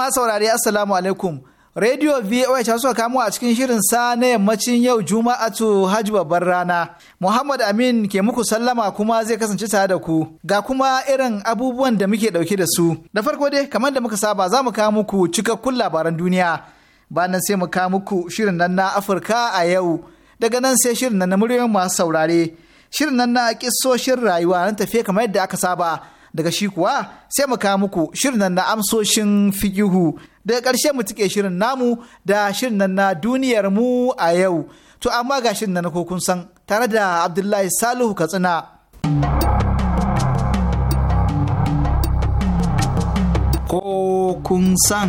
ma saurari assalamu alaikum. Radio VOA ta suka kamo a cikin shirin sa na yammacin yau juma'a to Hajji babbar rana. Muhammad Amin ke muku sallama kuma zai kasance tare da ku. Ga kuma irin abubuwan da muke dauke da su. Da farko dai kamar da muka saba za mu kawo muku cikakkun labaran duniya. Bayan sai mu kawo muku shirin nan na Afirka a yau. Daga nan sai shirin nan na muryoyin masu saurare. Shirin nan na kissoshin rayuwa nan tafiye kamar yadda aka saba. daga shi kuwa sai mu kawo muku shirin nan na amsoshin fikihu daga ƙarshe mu tike shirin namu da shirin nan na duniyar mu a yau to amma ga shirin nan ko kun san tare da Abdullahi Salihu Katsina ko kun san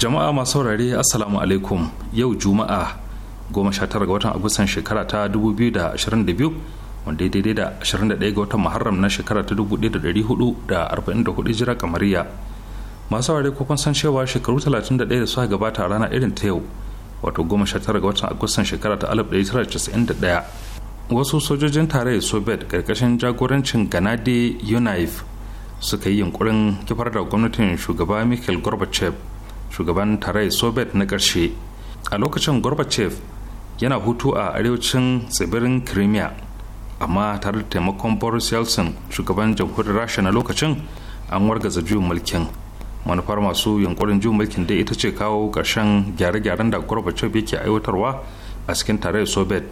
jama'a masu saurare assalamu alaikum yau juma'a sha tara ga watan agustan shekara ta 2022 wanda ya daidai da 21 ga watan muharram na shekara ta 1444 jira kamariya masu ware ko san cewa shekaru 31 da suka gabata a rana irin ta yau wato sha tara ga watan agustan shekara ta 1991 wasu sojojin tarayyar soviet karkashin jagorancin ganade yunayev suka yi yunkurin kifar da gwamnatin shugaba mikhail gorbachev shugaban tarayyar soviet na karshe a lokacin gorbachev yana hutu a arewacin tsibirin crimea amma tare da taimakon boris yeltsin shugaban jamhuriyar rasha na lokacin an wargaza juyin mulkin manufar masu yunkurin juyin mulkin dai ita ce kawo ƙarshen gyare-gyaren da gorbachev yake aiwatarwa a cikin tarayyar soviet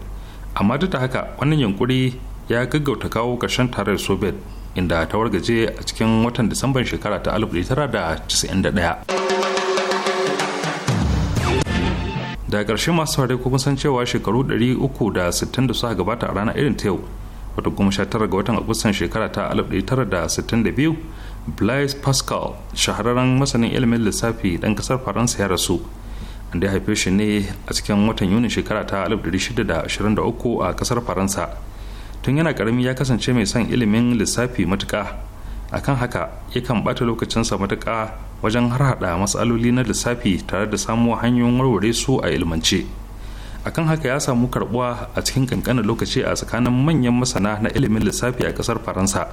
amma duk da haka wannan yunkuri ya gaggauta kawo ƙarshen tarayyar soviet inda ta wargaje a cikin watan disamban shekara ta 1991 da ƙarshe masu saurari kuma san cewa shekaru 360 da suka gabata a ranar irin ta yau wata goma sha tara ga watan agustan shekara ta 1962 blaise pascal shahararren masanin ilimin lissafi ɗan ƙasar faransa ya rasu da ya haife shi ne a cikin watan yuni shekara ta 1623 a kasar faransa tun yana karami ya kasance mai son ilimin lissafi matuka akan haka yakan bata lokacinsa matuka wajen harhaɗa matsaloli na lissafi tare da samo hanyoyin warware su a ilmance akan haka ya samu karbuwa a cikin kankanin lokaci a tsakanin manyan masana na ilimin lissafi a ƙasar faransa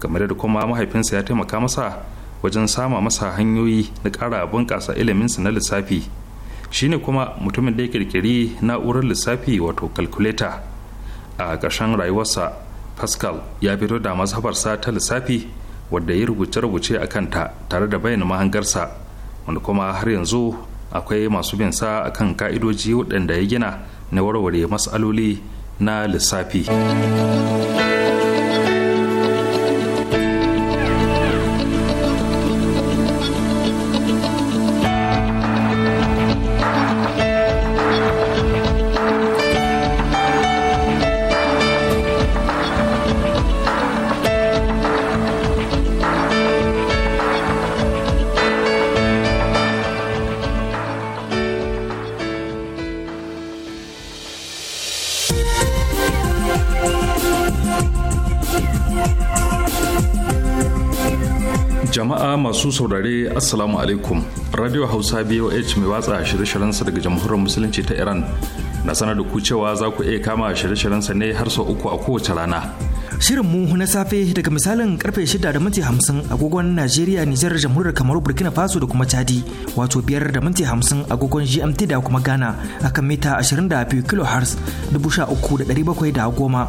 game da kuma mahaifinsa ya taimaka masa wajen sama masa hanyoyi na ƙara bunƙasa iliminsa na lissafi shine kuma mutumin da ya ƙirƙiri na'urar lissafi wato calculator a ƙarshen rayuwarsa pascal ya fito da mazhabarsa ta lissafi wadda ya rubuce-rubuce a kanta tare da bayyana mahangarsa wanda kuma har yanzu akwai masu bin sa akan ka'idoji waɗanda ya gina na warware matsaloli na lissafi. jama'a masu saurare assalamu alaikum radio hausa boh mai watsa shirye sa daga jamhuriyar musulunci ta iran na sanar da ku cewa za ku iya kama shirye-shiryensa ne har sau uku a kowace rana shirin mu na safe daga misalin karfe 6 da minti 50 agogon Najeriya, Nijar, Jamhuriyar Kamaru, Burkina Faso da kuma Chadi, wato biyar da minti 50 agogon GMT da kuma Ghana akan mita da 22 da 13,710.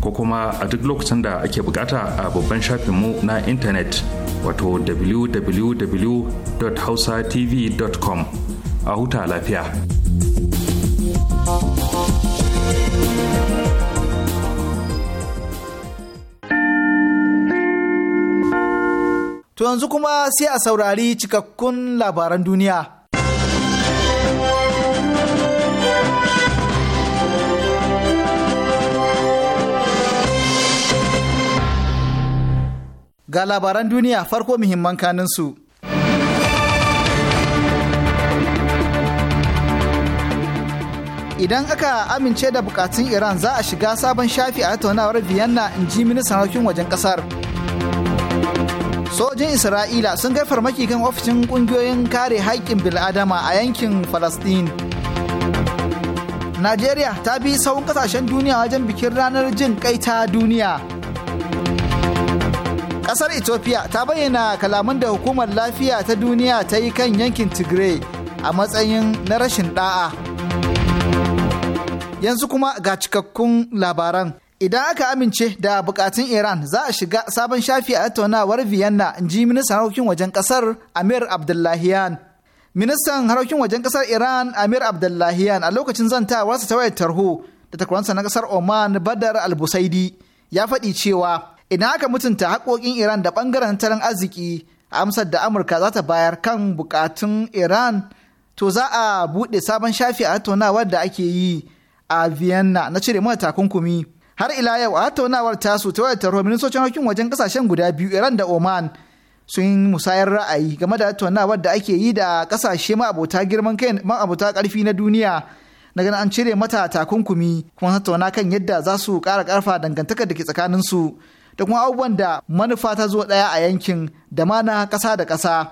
ko kuma a duk lokacin da ake bukata a babban shafinmu na intanet wato www.hausatv.com a huta lafiya. To yanzu kuma sai a saurari cikakkun labaran duniya. ga labaran duniya farko muhimman kaninsu. Idan aka amince da bukatun Iran za a shiga sabon shafi a tattaunawar Vienna in ji ministan harkokin wajen kasar. Sojin Isra'ila sun kai farmaki kan ofishin kungiyoyin kare haƙƙin bil'adama a yankin Falasɗin. Najeriya ta bi sauran kasashen duniya wajen bikin ranar jin kai ta duniya. kasar ethiopia ta bayyana kalaman da hukumar lafiya ta duniya ta yi kan yankin tigray a matsayin na rashin da'a yanzu kuma ga cikakkun labaran idan aka amince da bukatun iran za a shiga sabon shafi a tattaunawar vienna in ji ministan harkokin wajen kasar amir abdullahiyan ministan harkokin wajen kasar iran amir abdullahiyan a lokacin zantawarsa ta wayar tarho da takwaransa na kasar oman badar al-busaidi ya faɗi cewa Ina aka mutunta haƙoƙin Iran da ɓangaren tattalin arziki amsar da Amurka za ta bayar kan buƙatun Iran to za a buɗe sabon shafi a tattaunawar da ake yi a Vienna na cire mata takunkumi. Har ila yau a tattaunawar tasu ta wayar tarho ministocin wajen kasashen guda biyu Iran da Oman sun musayar ra'ayi game da tattaunawar da ake yi da kasashe ma'abota girman kai ma'abota ƙarfi na duniya na ganin an cire mata takunkumi kuma tattauna kan yadda za su ƙara ƙarfa dangantakar da ke tsakaninsu. su. da kuma abubuwan da manufa ta zo ɗaya a yankin da ma na ƙasa da kasa.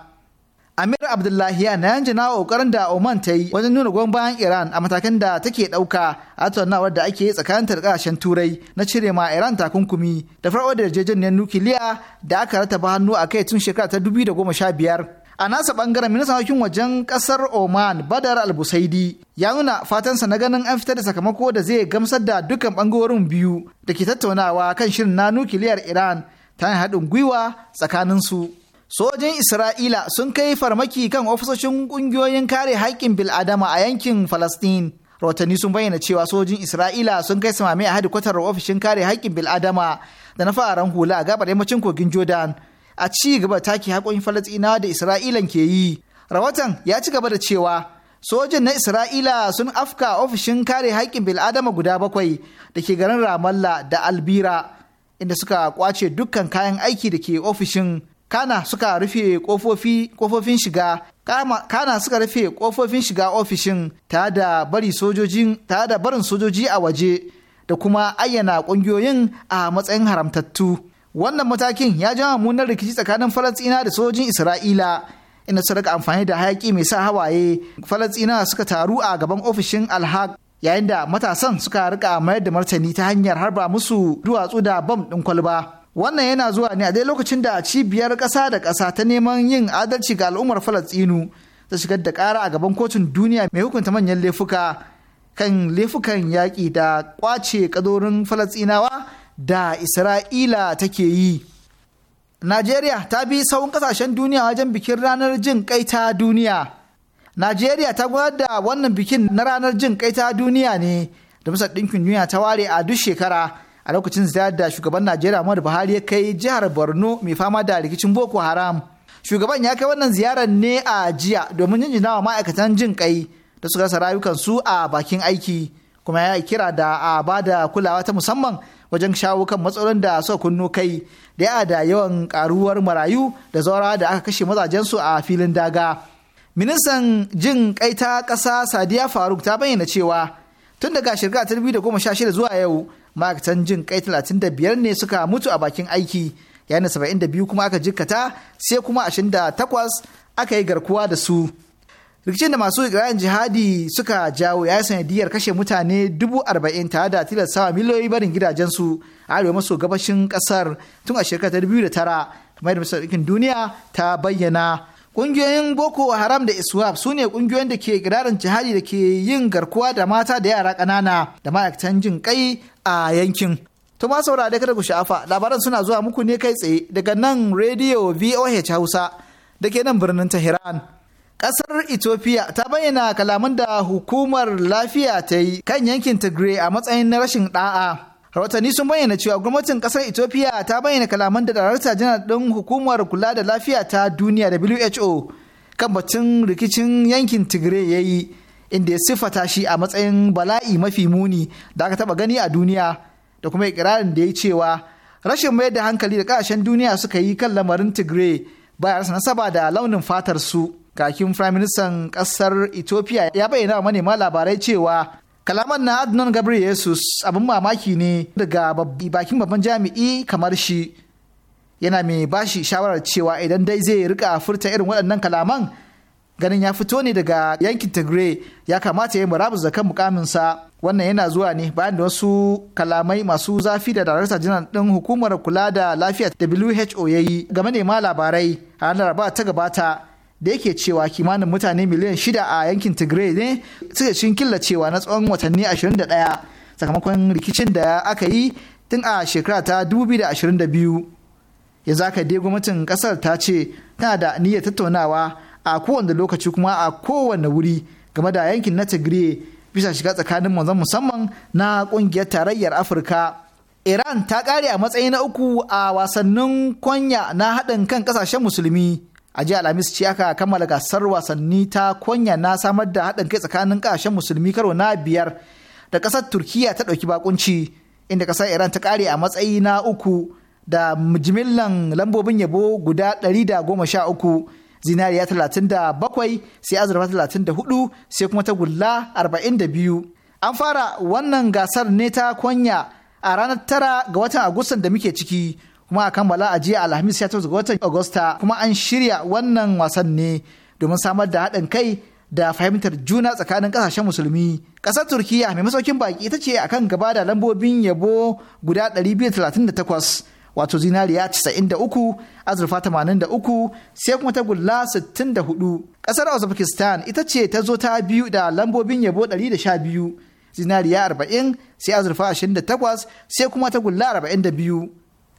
Amir Abdullahi ya na yanjina na ƙoƙarin da Oman ta yi wajen nuna goyon bayan Iran a matakan da take ɗauka a tattaunawar da ake tsakanin ƙasashen Turai na cire ma Iran takunkumi da farko da yarjejeniyar nukiliya da aka rataba hannu a kai tun shekara ta 2015. a nasa bangaren ministan harkokin wajen kasar oman badar albusaidi ya nuna fatansa na ganin an fitar da sakamako da zai gamsar da dukkan bangarorin biyu da ke tattaunawa kan shirin na nukiliyar iran ta haɗin gwiwa tsakanin su. sojin isra'ila sun kai farmaki kan ofisoshin ƙungiyoyin kare haƙƙin bil'adama a yankin falastin rahotanni sun bayyana cewa sojin isra'ila sun kai samame a hadikwatar ofishin kare haƙƙin bil'adama da na fararen hula a gabar yammacin kogin jordan a ci gaba take haƙoƙin Falasina da isra'ilan ke yi rawatan ya ci gaba da cewa sojin na isra'ila sun afka ofishin kare haƙƙin bil'adama guda bakwai da ke garin ramallah da albira inda suka kwace dukkan kayan aiki da ke ofishin kana suka rufe kofofin shiga kana suka rufe kofofin shiga ofishin bari sojojin tare da barin sojoji a waje da kuma ayyana ƙungiyoyin a matsayin haramtattu wannan matakin ya ja mummunan rikici tsakanin falastina da sojin isra'ila inda su rika amfani da hayaki mai sa hawaye falastina suka taru a gaban ofishin alhaq yayin da matasan suka rika mayar da martani ta hanyar harba musu duwatsu da bam ɗin kwalba wannan yana zuwa ne a dai lokacin da cibiyar ƙasa da ƙasa ta neman yin adalci ga al'ummar falastinu ta shigar da ƙara a gaban kotun duniya mai hukunta manyan laifuka kan laifukan yaƙi da ƙwace kadorin Falasinawa. da isra'ila take yi najeriya ta bi sauran kasashen duniya wajen bikin ranar jin kai ta duniya najeriya ta gudanar da wannan bikin na ranar jin kai ta duniya ne da masar ɗinkin duniya ta ware a duk shekara a lokacin ziyarar da shugaban najeriya muhammadu buhari ya kai jihar borno mai fama da rikicin boko haram shugaban ya kai wannan ziyarar ne a jiya domin jinjina wa ma'aikatan jin kai da suka rasa rayukansu a bakin aiki kuma ya kira da a ba da kulawa ta musamman wajen shawo kan matsalolin da suka kunno kai da ya da yawan karuwar marayu da zaura da aka kashe mazajen su a filin daga. Ministan jin kai ta ƙasa Sadiya Faruk ta bayyana cewa tun daga shirga ta shida zuwa yau ma'aikatan jin kai biyar ne suka mutu a bakin aiki saba'in da biyu kuma aka jikkata sai kuma takwas aka yi garkuwa da su. rikicin da masu ikirarin jihadi suka jawo ya yi sanadiyar kashe mutane dubu arba'in tare da tilastawa miliyoyi barin gidajensu a arewa maso gabashin kasar tun a shekarar ta biyu da tara kamar da masar duniya ta bayyana ƙungiyoyin boko haram da iswap su ne ƙungiyoyin da ke ikirarin jihadi da ke yin garkuwa da mata da yara ƙanana da ma'aikatan jin kai a yankin To ma saura da kada ku sha'afa labaran suna zuwa muku ne kai tsaye daga nan rediyo VOH Hausa da ke nan birnin Tehran. Ƙasar Ethiopia ta bayyana kalaman da hukumar lafiya ta yi kan yankin Tigray a matsayin na rashin ɗa'a. rahotanni sun bayyana cewa gwamnatin Ƙasar ethiopia ta bayyana kalaman da darakta janar ɗin hukumar kula da lafiya ta duniya who kan batun rikicin yankin tigray ya yi inda ya siffata shi a matsayin bala'i mafi muni da aka taɓa gani a duniya da kuma ikirarin da ya cewa rashin mayar da hankali da kasashen duniya suka yi kan lamarin tigray baya rasa nasaba da launin fatar su. kakin firaministan ƙasar ethiopia ya bayyana wa manema labarai cewa kalaman na adnan gabriel yesus abin mamaki ne daga bakin babban jami'i kamar shi yana mai bashi shawarar cewa idan dai zai rika furta irin waɗannan kalaman ganin ya fito ne daga yankin tigray ya kamata ya yi murabus da kan mukaminsa wannan yana zuwa ne bayan da wasu kalamai masu zafi da darakta jinan ɗin hukumar kula da lafiya who ya yi ga manema labarai a ranar ta gabata da yake cewa kimanin mutane miliyan shida a yankin tigray ne suke cikin killacewa na tsawon watanni 21 sakamakon rikicin da aka yi tun a shekara ta 2022 yanzu aka dai gwamnatin kasar ta ce tana da niyyar tattaunawa a kowane lokaci kuma a kowane wuri game da yankin na tigray bisa shiga tsakanin manzon musamman na kungiyar tarayyar afirka iran ta kare a matsayi na uku a wasannin kwanya na haɗin kan ƙasashen musulmi a jiya alhamis ce aka kammala gasar wasanni ta kwanya na samar da haɗin kai tsakanin ƙasashen musulmi karo na biyar da ƙasar turkiya ta ɗauki bakunci inda ƙasar iran ta ƙare a matsayi na uku da jimillan lambobin yabo guda ɗari da sha uku zinariya talatin sai azurfa talatin sai kuma ta gulla arba'in da an fara wannan gasar ne ta kwanya a ranar tara ga watan agustan da muke ciki kuma a kan bala a jiya alhamis ya ga watan agusta kuma an shirya wannan wasan ne domin samar da haɗin kai da fahimtar juna tsakanin ƙasashen musulmi ƙasar turkiya mai masaukin baki ita ce akan gaba da lambobin yabo guda 238 wato zinariya 93 azurfa 83 sai kuma tagulla 64 ƙasar uzbekistan ita ce ta zo ta biyu da lambobin yabo 112 zinariya 40 sai azurfa 28 sai kuma tagulla 42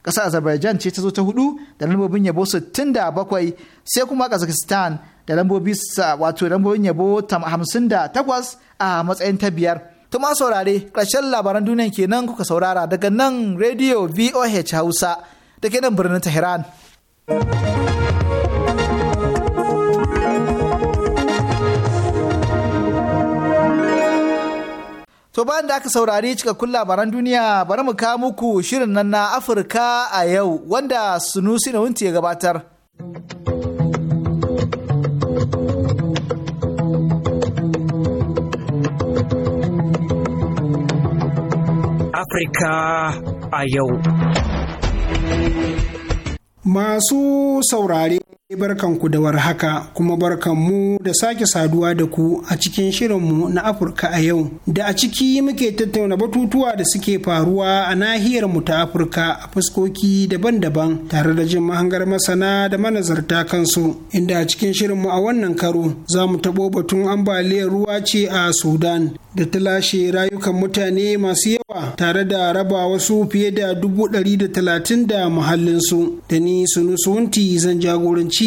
ƙasar azerbaijan ce ta zo ta hudu da lambobin yabo 67 sai kuma kazakhstan da lambobi wato lambobin yabo 58 a matsayin ta biyar to ma saurare karshen labaran duniya kenan kuka saurara daga nan radio voh hausa da ke birnin tehran To bayan da aka saurari cikakkun labaran duniya bari mu kawo muku shirin nan na Afirka a yau wanda Sunusi na ya gabatar. Afirka a yau. Masu saurare ku da warhaka kuma barkanmu da sake saduwa da ku a cikin shirinmu na Afirka a yau da a ciki muke tattauna batutuwa da suke faruwa a nahiyar mu ta Afirka a fuskoki daban-daban tare da jin mahangar masana da manazarta kansu inda a cikin shirinmu a wannan karo za mu taɓo batun ambaliyar ruwa ce a Sudan da ta lashe rayukan mutane masu yawa tare da raba wasu fiye da dubu ɗari da talatin da muhallinsu da ni sunusunti zan jagoranci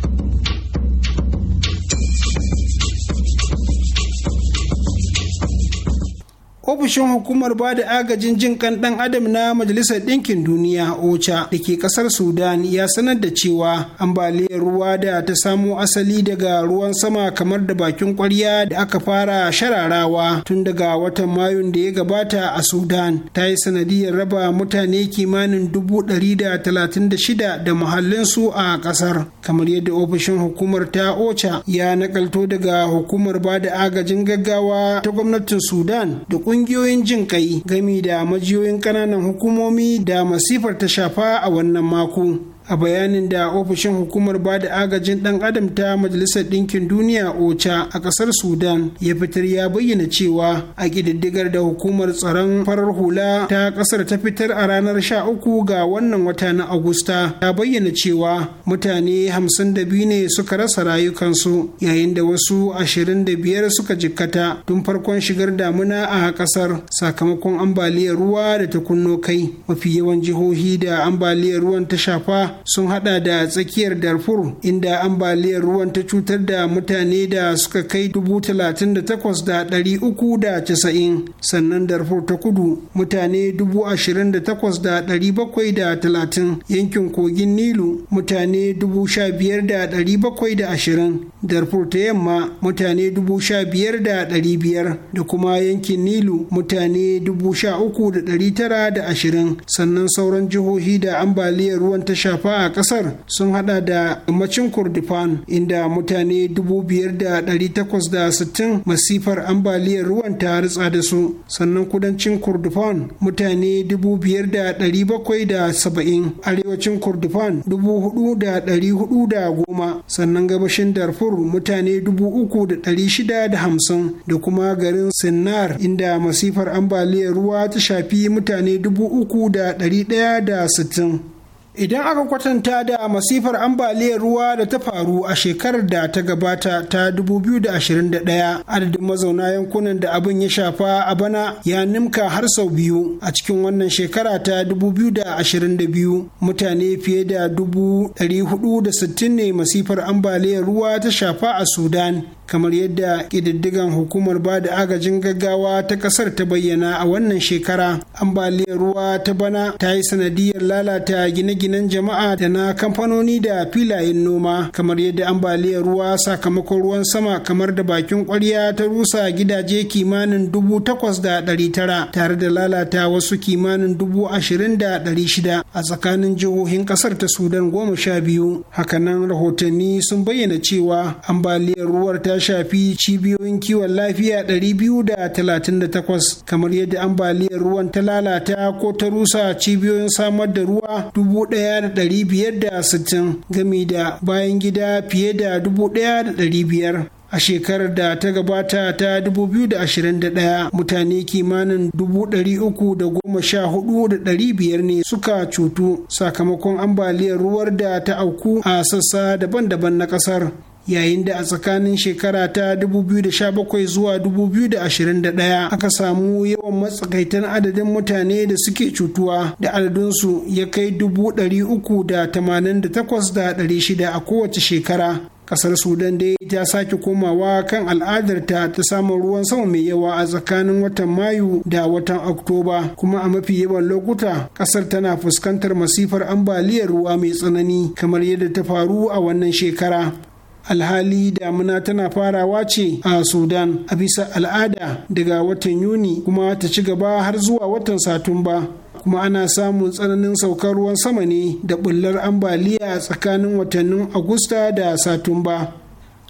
ofishin hukumar ba da agajin jin kan dan adam na majalisar ɗinkin duniya ocha da ke ƙasar sudan ya sanar da cewa ambaliyar ruwa da ta samo asali daga ruwan sama kamar da bakin kwarya da aka fara shararawa tun daga watan mayun da ya gabata a sudan ta yi sanadiyar raba mutane kimanin dubu ɗari da talatin da shida da muhallinsu a ƙasar kamar yadda ofishin hukumar ta ocha ya nakalto daga hukumar ba da agajin gaggawa ta gwamnatin sudan da ƙungiyar ƙungiyoyin jin kai gami da majiyoyin ƙananan hukumomi da masifar ta shafa a wannan mako. a bayanin da ofishin hukumar ba da agajin dan adam ta majalisar ɗinkin duniya ocha a ƙasar sudan ya fitar ya bayyana cewa a ƙididdigar da hukumar tsaron farar hula ta ƙasar ta fitar a ranar 13 ga wannan wata na agusta ta bayyana cewa mutane 52 ne suka rasa rayukansu yayin da wasu 25 suka jikkata tun farkon shigar damuna a ƙasar sakamakon ambaliyar ruwa da ta kunno kai mafi yawan jihohi da ambaliyar ruwan ta shafa sun hada da tsakiyar darfur inda ambaliyar ruwan ta cutar da mutane da suka kai dubu talatin da takwas uku da casa'in sannan darfur ta kudu mutane dubu talatin yankin kogin nilu mutane dubu sha biyar ashirin darfur ta yamma mutane dubu sha biyar da kuma yankin nilu mutane dubu tara da ashirin sannan sauran jihohi da ambaliyar ruwan ta shafi shafa a kasar sun hada da yammacin kurdifan inda mutane 5,860 masifar ambaliyar ruwan ta ritsa da su sannan kudancin kurdifan mutane 5,770 arewacin kurdifan 4,410 sannan gabashin darfur mutane 3,650 da kuma garin sinnar inda masifar ambaliyar ruwa ta shafi mutane 3,160 Idan aka kwatanta da masifar ambaliyar ruwa da ta faru a shekarar da ta gabata ta 2021 adadin mazauna yankunan da abin ya shafa a bana ya nimka har sau biyu a cikin wannan shekara ta 2022 mutane fiye da 460 ne masifar ambaliyar ruwa ta shafa a Sudan kamar yadda ƙididdigan hukumar ba da agajin gaggawa ta ƙasar ta bayyana a wannan shekara ambaliyar ruwa ta bana ta yi sanadiyar lalata gine-ginen jama'a da na kamfanoni da filayen noma kamar yadda ambaliyar ruwa sakamakon ruwan sama kamar da bakin ƙwarya ta rusa gidaje kimanin dubu takwas da ɗari tara tare da lalata wasu kimanin dubu ashirin da ɗari shida a tsakanin jihohin ƙasar ta sudan goma sha biyu hakanan rahotanni sun bayyana cewa ambaliyar ruwar ta shafi cibiyoyin kiwon lafiya 238 kamar yadda ambaliyar ruwan ta lalata ko ta rusa cibiyoyin samar da ruwa 1,560 gami da bayan gida fiye da 1,500 a shekarar da ta gabata ta 2021 mutane kimanin 314,500 ne suka cutu sakamakon ambaliyar ruwar da ta auku a sassa daban-daban na kasar yayin da a tsakanin shekara ta 2017 zuwa 2021 aka samu yawan matsakaitan adadin mutane da suke cutuwa da adadinsu ya kai 388,600 a kowace shekara kasar sudan dai ta sake komawa kan al'adarta ta samun ruwan sama mai yawa a tsakanin watan mayu da watan oktoba kuma a mafi yawan lokuta kasar tana fuskantar masifar ambaliyar ruwa mai tsanani kamar yadda ta faru a wannan shekara alhali damuna tana farawa ce a sudan a bisa al'ada daga watan yuni kuma ta ci gaba har zuwa watan satumba kuma ana samun tsananin saukar ruwan sama ne da bullar ambaliya tsakanin watannin agusta da satumba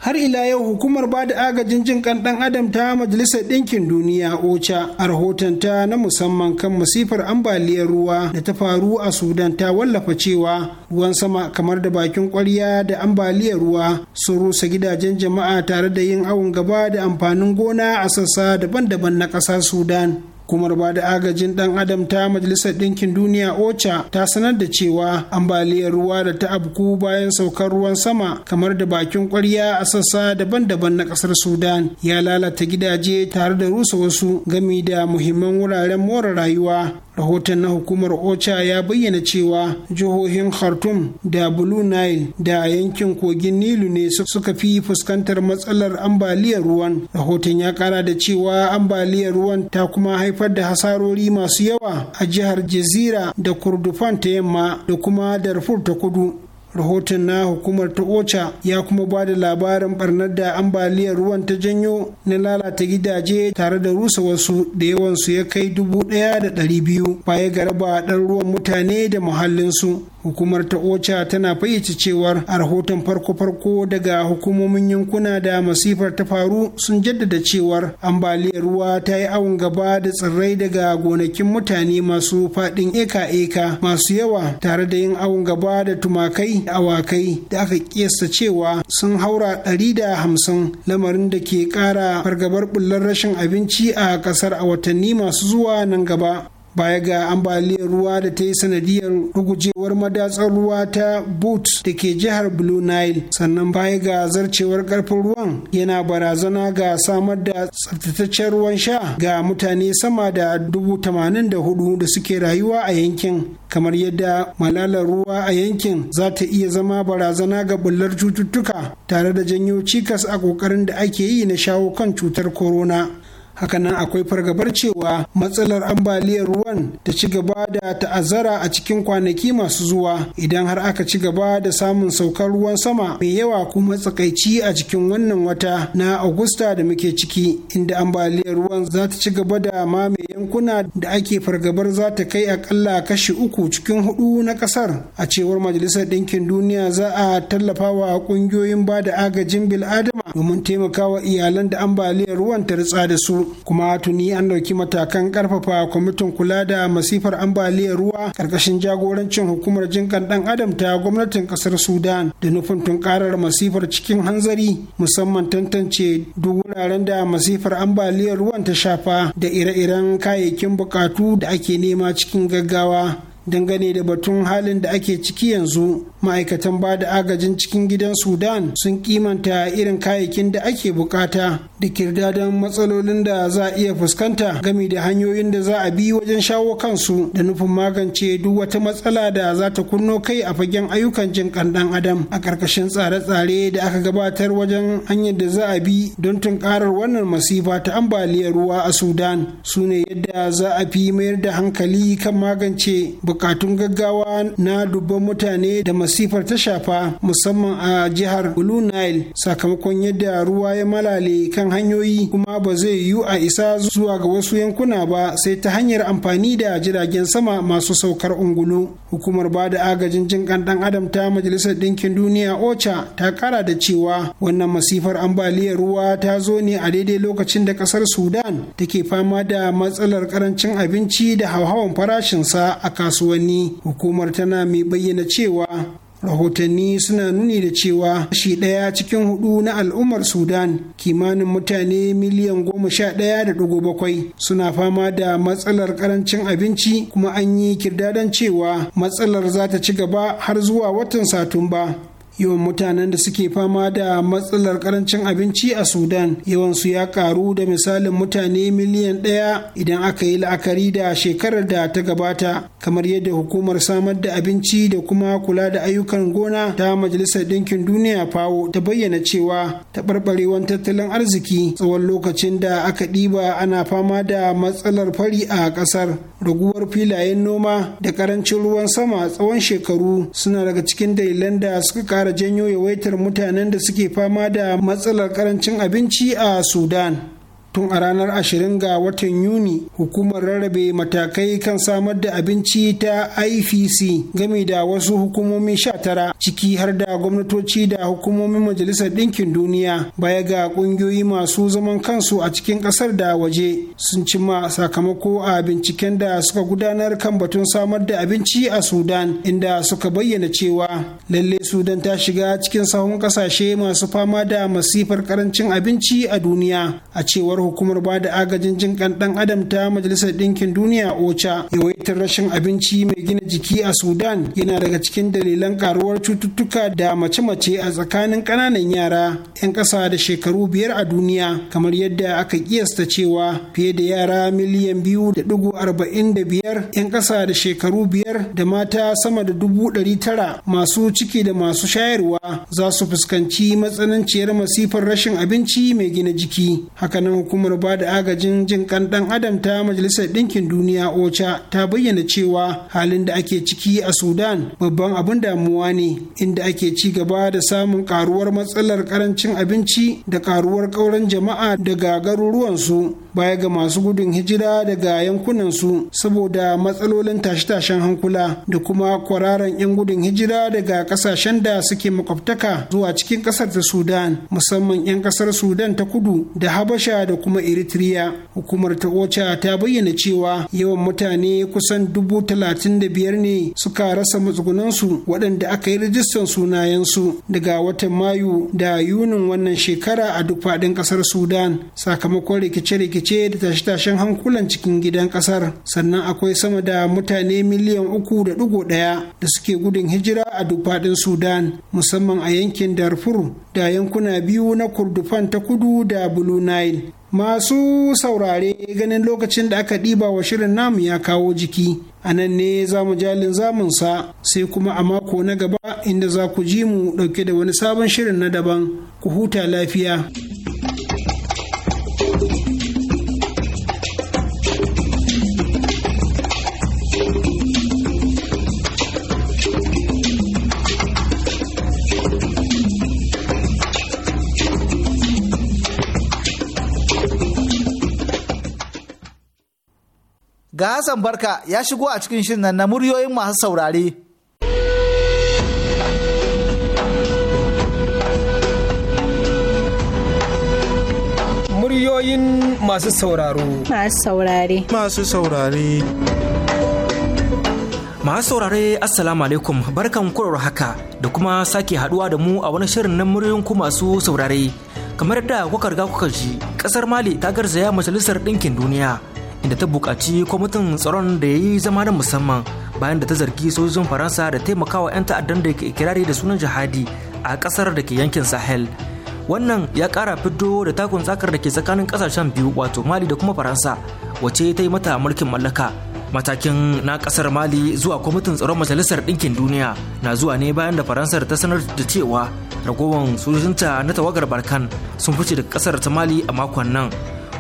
har ila yau hukumar ba da agajin jin kan dan adam ta majalisar ɗinkin duniya ocha a rahotonta na musamman kan masifar ambaliyar ruwa da ta faru a sudan ta wallafa cewa ruwan sama kamar da bakin kwarya da ambaliyar ruwa sun rusa gidajen jama'a tare da yin awon gaba da amfanin gona a sassa daban-daban na ƙasar sudan hukumar ba da agajin dan adam ta majalisar ɗinkin duniya ocha ta sanar da cewa ambaliyar ruwa da ta abku bayan saukar ruwan sama kamar da bakin kwarya a sassa daban-daban na ƙasar sudan ya lalata gidaje tare da rusa wasu gami da muhimman wuraren more rayuwa rahoton na hukumar ocha ya bayyana cewa jihohin khartum da blue nile da yankin kogin nilu ne suka fi fuskantar matsalar ambaliyar ruwan rahoton ya kara da cewa ambaliyar ruwan ta kuma haifar da hasarori masu yawa a jihar jazira da kurdufan ta yamma da kuma darfur ta kudu rahoton na hukumar ta ocha ya kuma ba da labarin barnar da ambaliyar ruwan ta janyo na lalata gidaje tare da rusa wasu da yawansu ya kai dubu ɗaya da ɗari biyu baya ga raba ɗan ruwan mutane da muhallinsu hukumar ta ocha tana fayyace cewar a rahoton farko-farko daga hukumomin yankuna da masifar ta faru sun jaddada cewar ambaliyar ruwa ta yi awon gaba da tsirrai daga gonakin mutane masu faɗin eka-eka masu yawa tare da yin awon gaba da tumakai da awakai da aka kiyasta cewa sun haura ɗari da hamsin lamarin da ke ƙara fargabar bullar rashin abinci a ƙasar a watanni masu zuwa nan gaba baya ga ambaliyar ruwa da ta yi sanadiyar rugujewar madatsar ruwa ta boot da ke jihar blue nile sannan baya ga zarcewar karfin ruwan yana barazana ga samar da tsaftataccen ruwan sha ga mutane sama da dubu tamanin da hudu da suke rayuwa a yankin kamar yadda malalar ruwa a yankin za ta iya zama barazana ga bullar cututtuka tare da janyo cikas a kokarin da ake yi na shawo kan cutar corona hakanan akwai fargabar cewa matsalar ambaliyar ruwan ta ci gaba da ta'azzara a cikin kwanaki masu zuwa idan har aka ci gaba da samun saukar ruwan sama mai yawa kuma tsakaici a cikin wannan wata na agusta da muke ciki inda ambaliyar ruwan za ta ci gaba da mamaye yankuna da ake fargabar za ta kai akalla kashi uku cikin hudu na kasar a cewar majalisar ɗinkin duniya za a tallafa wa ƙungiyoyin ba da agajin bil'adama domin taimakawa iyalan da ambaliyar ruwan ta ritsa da su kuma tuni an ɗauki matakan ƙarfafa kwamitin kula da masifar ambaliyar ruwa ƙarƙashin jagorancin hukumar jinƙan ɗan adam ta gwamnatin ƙasar sudan da nufin tunkarar masifar cikin hanzari musamman tantance duk wuraren da masifar ambaliyar ruwan ta shafa da ire-iren kayayyakin bukatu da ake nema cikin gaggawa dangane da batun halin da ake ciki yanzu ma'aikatan ba da agajin cikin gidan sudan sun kimanta irin kayayyakin da ake bukata da kirdadan matsalolin da za a iya fuskanta gami da hanyoyin da za a bi wajen shawo kansu da nufin magance duk wata matsala da za ta kunno kai a fagen ayyukan jin kan dan adam a ƙarƙashin tsare-tsare da aka gabatar wajen hanyar da za a bi don tunkarar wannan masifa ta ambaliyar ruwa a sudan su ne yadda za a fi mayar da hankali kan magance bukatun gaggawa na dubban mutane da masifar ta shafa musamman a jihar Blue Nile sakamakon yadda ruwa ya malale kan hanyoyi kuma ba zai yiwu a isa zuwa ga wasu yankuna ba sai ta hanyar amfani da jiragen sama masu saukar ungulu. Hukumar ba da agajin jin kan dan adam ta Majalisar Ɗinkin Duniya OCHA ta kara da cewa wannan masifar ambaliyar ruwa ta zo ne a daidai lokacin da kasar Sudan take fama da matsalar karancin abinci da hauhawan farashinsa a kasuwa. kasuwanni hukumar tana mai bayyana cewa rahotanni suna nuni da cewa kashi ɗaya cikin hudu na al'ummar sudan kimanin mutane miliyan goma sha ɗaya da dugu bakwai suna fama da matsalar karancin abinci kuma an yi kirdadan cewa matsalar za ta ci gaba har zuwa watan satumba yawan mutanen da suke fama da matsalar karancin abinci a sudan yawan su ya karu da misalin mutane miliyan ɗaya idan aka yi la'akari da shekarar da ta gabata kamar yadda hukumar samar da abinci da kuma kula da ayyukan gona ta majalisar ɗinkin duniya fawo ta bayyana cewa taɓarɓarewar tattalin arziki tsawon lokacin da aka ɗiba ana fama da matsalar fari a ƙasar raguwar filayen noma da ƙarancin ruwan sama tsawon shekaru suna daga cikin dalilan da suka ƙara janyo yawaitar mutanen da suke fama da matsalar karancin abinci a Sudan. tun a ranar 20 ga watan yuni hukumar rarrabe matakai kan samar da abinci ta ipc game da wasu hukumomi 19 ciki har da gwamnatoci da hukumomin majalisar ɗinkin duniya baya ga ƙungiyoyi masu zaman kansu a cikin ƙasar da waje sun cimma sakamako a binciken da suka gudanar kan batun samar da abinci a sudan inda suka bayyana cewa lalle sudan ta shiga cikin sahun ƙasashe masu fama da masifar ƙarancin abinci a duniya a cewar hukumar ba da agajin jin kan dan adam ta majalisar ɗinkin duniya ocha yawaitar rashin abinci mai gina jiki a sudan yana daga cikin dalilan karuwar cututtuka da mace-mace a tsakanin ƙananan yara 'yan ƙasa da shekaru biyar a duniya kamar yadda aka kiyasta cewa fiye da yara miliyan biyu da dugu arba'in da biyar 'yan ƙasa da shekaru biyar da mata sama da dubu ɗari tara masu ciki da masu shayarwa za su fuskanci matsananciyar masifar rashin abinci mai gina jiki hakanan hukumar ba da agajin jin kan dan adam ta majalisar ɗinkin duniya ocha ta bayyana cewa halin da ake ciki a sudan babban abin damuwa ne inda ake ci gaba da samun karuwar matsalar karancin abinci da karuwar kauran jama'a daga garuruwansu baya ga masu gudun hijira daga yankunansu saboda matsalolin tashe-tashen hankula da kuma kwararan 'yan gudun hijira daga kasashen da suke makwabtaka zuwa cikin kasar ta sudan musamman 'yan kasar sudan ta kudu da habasha da kuma eritrea hukumar ta ocha ta bayyana cewa yawan mutane kusan dubu talatin da biyar ne suka rasa matsugunansu waɗanda aka yi rijistan sunayensu daga watan mayu da yunin wannan shekara a duk faɗin ƙasar sudan sakamakon rikice-rikice rikice da tashe-tashen hankulan cikin gidan kasar sannan akwai sama da mutane miliyan uku da dugo ɗaya da suke gudun hijira a duk faɗin sudan musamman a yankin darfur da yankuna biyu na kurdufan ta kudu da blue nile masu saurare ganin lokacin da aka ɗiba wa shirin namu ya kawo jiki a nan ne za mu jalin zamunsa sai kuma a mako na gaba inda za ku ji mu ɗauke da wani sabon shirin na daban ku huta lafiya. ga Hassan Barka ya shigo a cikin shirin nan na muryoyin masu saurare. Muryoyin masu sauraro. Masu saurare. Masu saurare. Masu saurare Assalamu alaikum barkan kurar haka da kuma sake haduwa da mu a wani shirin na muryoyin ku masu saurare. Kamar da kuka riga kuka ji, kasar Mali ta garzaya majalisar ɗinkin duniya inda ta bukaci kwamitin tsaron da ya yi zama na musamman bayan da ta zargi sojojin faransa da taimakawa 'yan ta'addan da ke ikirari da sunan jihadi a kasar da ke yankin sahel wannan ya kara fito da takun tsakar da ke tsakanin ƙasashen biyu wato mali da kuma faransa wace ta yi mata mulkin mallaka matakin na kasar mali zuwa kwamitin tsaron majalisar ɗinkin duniya na zuwa ne bayan da faransar ta sanar da cewa ragowar sojojinta na tawagar barkan sun fice daga kasar ta mali a makon nan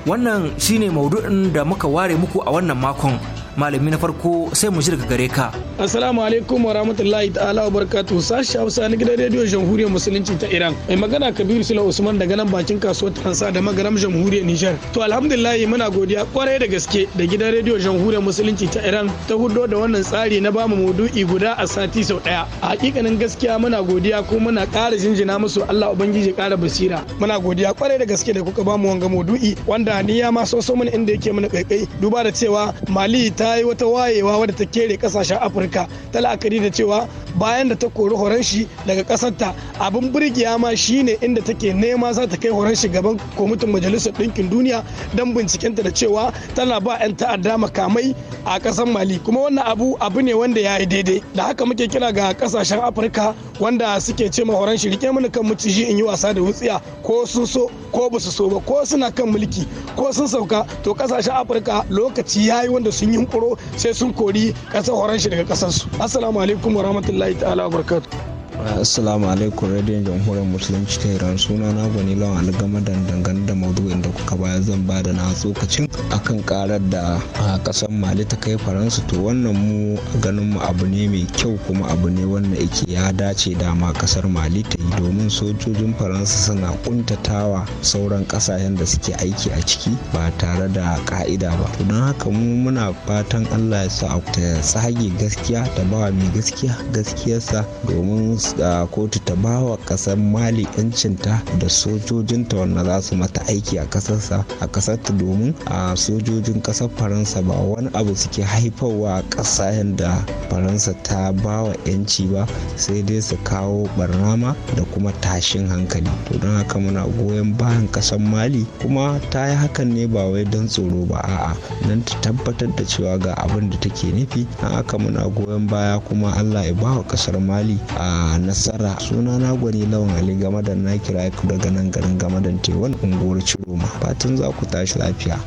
Wannan shine maudu'in da muka ware muku a wannan makon malami na farko sai mu shirka gare ka assalamu alaikum wa rahmatullahi ta'ala wa barakatuh sashi hausa na gidan rediyon jamhuriyar musulunci ta iran mai magana kabiru sula usman daga nan bakin kasuwar transa da magaram jamhuriyar nijar to alhamdulillah muna godiya kwarai da gaske da gidan rediyon jamhuriyar musulunci ta iran ta hudo da wannan tsari na bamu maudu'i guda a sati sau ɗaya. a hakikanin gaskiya muna godiya ko muna ƙara jinjina musu allah ubangiji ƙara basira muna godiya kwarai da gaske da kuka bamu wanga maudu'i wanda ni ya ma so so mun inda yake mana kaikai duba da cewa mali ta yi wata wayewa wadda ta kere kasashen afirka ta la'akari da cewa bayan da ta kori horon shi daga kasarta abin burgiya ma shine inda take nema za ta kai horon shi gaban kwamitin majalisar ɗinkin duniya don bincikenta da cewa tana ba 'yan ta'adda makamai a ƙasar mali kuma wannan abu abu ne wanda ya yi daidai da haka muke kira ga kasashen afirka wanda suke ce ma horon shi rike mana kan ciji in yi wasa da wutsiya ko sun so ko ba su so ba ko suna kan mulki ko sun sauka to kasashen afirka lokaci ya yi wanda sun yi furo sai sun kori ƙasar horon shi daga ƙasarsu assalamu alaikum rahmatullahi ta'ala wabarakatuh assalamu alaikum radio jamhuriyar musulunci ta iran suna na gani lawan algama dangane da maudu'in da kuka baya zan ba da na tsokacin akan karar da kasan mali ta kai faransa to wannan mu ganin mu abu ne mai kyau kuma abu ne wannan yake ya dace dama kasar mali ta yi domin sojojin faransa suna kuntatawa sauran kasashen da suke aiki a ciki ba tare da ka'ida ba to don haka mu muna fatan allah ya sa a tsage gaskiya da bawa mai gaskiya gaskiyarsa domin da kotu ta bawa kasar mali yancinta da sojojinta wanda za su mata aiki a kasarsa a kasarta domin a sojojin kasar faransa ba wani abu suke haifarwa a ƙasa da faransa ta bawa yanci ba sai dai su kawo barnama da kuma tashin hankali to don haka muna goyon bayan kasar mali kuma ta yi hakan ne ba wai don tsoro ba a'a nan ta tabbatar da cewa ga abin da take nufi haka muna goyon baya kuma allah ya bawa kasar mali a a nasara suna na gwani lawan ali game da na kira daga nan garin game da tewan unguwar ciroma fatan za ku tashi lafiya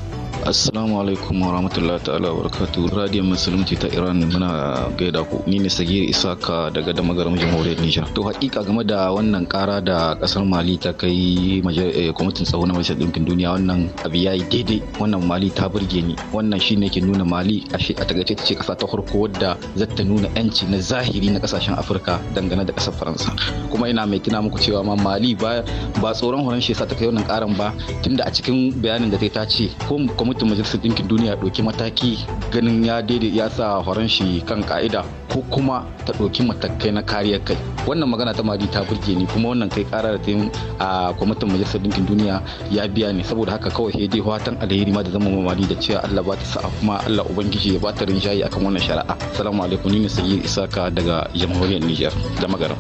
Assalamu alaikum wa rahmatullahi ta'ala wa barakatu. Radio Musulunci ta Iran muna gaida ku. Ni ne Sagir Isaka daga da magaram jamhuriyar Nijar. To hakika game da wannan kara da kasar Mali ta kai eh, kwamitin tsawon na Majalisar Duniya wannan abu yayi daidai. Wannan Mali ta burge ni. Wannan shine ke nuna Mali a shi a tagace ta ce kasa ta farko wadda zata nuna yanci na zahiri na kasashen Afirka dangane da kasar Faransa. Kuma ina mai tuna muku cewa ma Mali ba ba tsoron horon shi yasa ta kai wannan karan ba tunda a cikin bayanin da ta ce ko kwamitin majalisar ɗinkin duniya ɗauki mataki ganin ya daidai ya sa horon shi kan ka'ida ko kuma ta ɗauki matakai na kariyar kai wannan magana ta madi ta burge ni kuma wannan kai ƙara da tayin a kwamitin majalisar ɗinkin duniya ya biya ne saboda haka kawai sai dai fatan alheri ma da zama mamali da cewa Allah ba ta sa'a kuma Allah ubangiji ya ba ta rinjaye akan wannan shari'a assalamu alaikum ni ne sayyid isaka daga jamhuriyar Nijar da magaram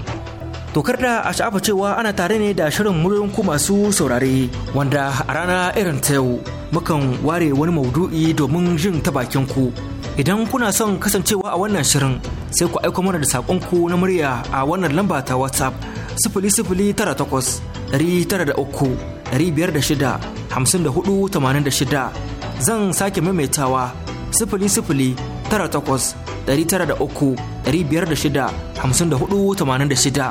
Tokar da a sha'afa cewa ana tare ne da shirin muryoyin ku masu saurare wanda a rana irin ta yau mukan ware wani maudu'i domin jin ta bakin ku. Idan kuna son kasancewa a wannan shirin sai ku aiko mana da ku na murya a wannan lamba ta WhatsApp sifili zan sake maimaitawa sifili sifili tara takwas ɗari tara da uku ɗari biyar da shida hamsin da hudu tamanin da shida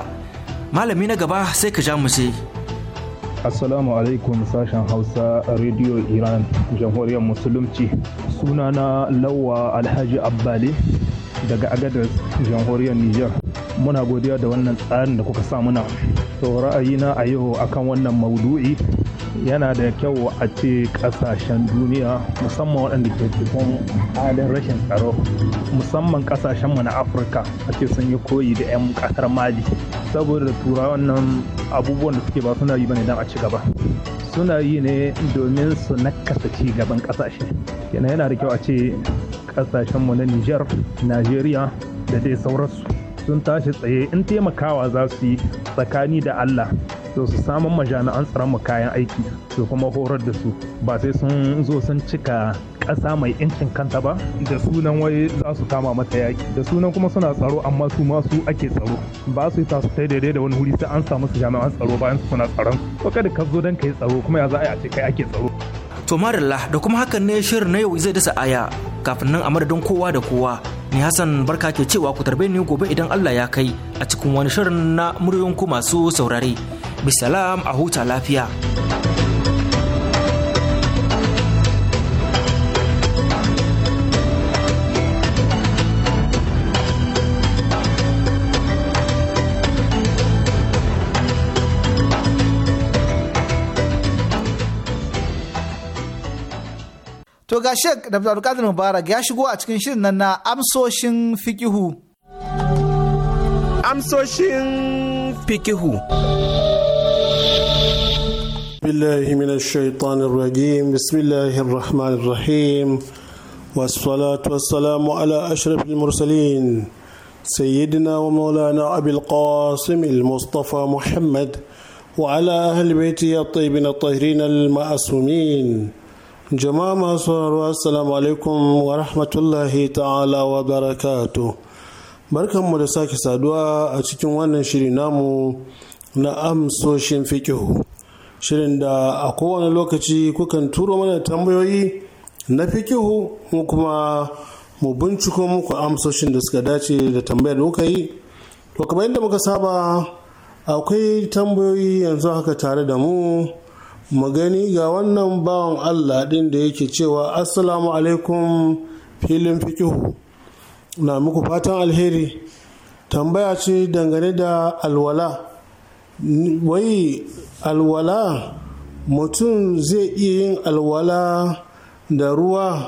malami na gaba sai ka ja mu sai Assalamu alaikum sashen Hausa Radio Iran Jamhuriyar Musulunci. Sunana Lawa Alhaji Abbali daga Agadez Jamhuriyar Nijar. Muna godiya da wannan tsarin da kuka sa muna. To ra'ayina a yau akan wannan maudu'i yana da kyau a ce kasashen duniya musamman waɗanda ke cikin halin rashin tsaro musamman kasashenmu na afirka a ce sun yi koyi da 'yan ƙasar mali saboda turawan nan abubuwan da suke ba suna yi bane don a ci gaba suna yi ne domin su nakasa ci gaban kasashe yana yana da kyau a ce kasashenmu na niger nigeria da dai sauransu sun tashi tsaye in taimakawa za su yi tsakani da allah to su samun majami'an tsaron mu kayan aiki su kuma horar da su ba sai sun zo sun cika ƙasa mai incin kanta ba da sunan wai za su kama mata yaƙi da sunan kuma suna tsaro amma su ma su ake tsaro ba su yi tasu ta daidai da wani wuri sai an samu su jami'an tsaro bayan su suna tsaron ko kada ka zo don ka yi tsaro kuma ya za a yi a ce kai ake tsaro. to marilla da kuma hakan ne shirin na yau zai dasa aya kafin nan a madadin kowa da kowa ni hassan barka ke cewa ku tarbe ni gobe idan allah ya kai a cikin wani shirin na muryoyin masu saurare. bisalam a huta lafiya To ga Sheikh Dr. Abdulkadir Mubarak ya shigo a cikin shirin nan na amsoshin fikihu. Amsoshin fikihu. بالله من الشيطان الرجيم بسم الله الرحمن الرحيم والصلاة والسلام على أشرف المرسلين سيدنا ومولانا أبي القاسم المصطفى محمد وعلى أهل بيته الطيبين الطاهرين المعصومين جماعة صار السلام عليكم ورحمة الله تعالى وبركاته بركة مرساك سادوا sake وانا شرينامو نأم سوشين shiri shirin da a kowane lokaci kukan turo mana tambayoyi na fikihu mu kuma mu binciko muku amsoshin da suka dace da tambayar da kuka yi to kamar yadda muka saba akwai tambayoyi yanzu haka tare da mu mu gani ga wannan bawan allah din da yake cewa assalamu alaikum filin fikihu na muku fatan alheri tambaya ce dangane da alwala wai alwala mutum zai iya yin alwala da ruwa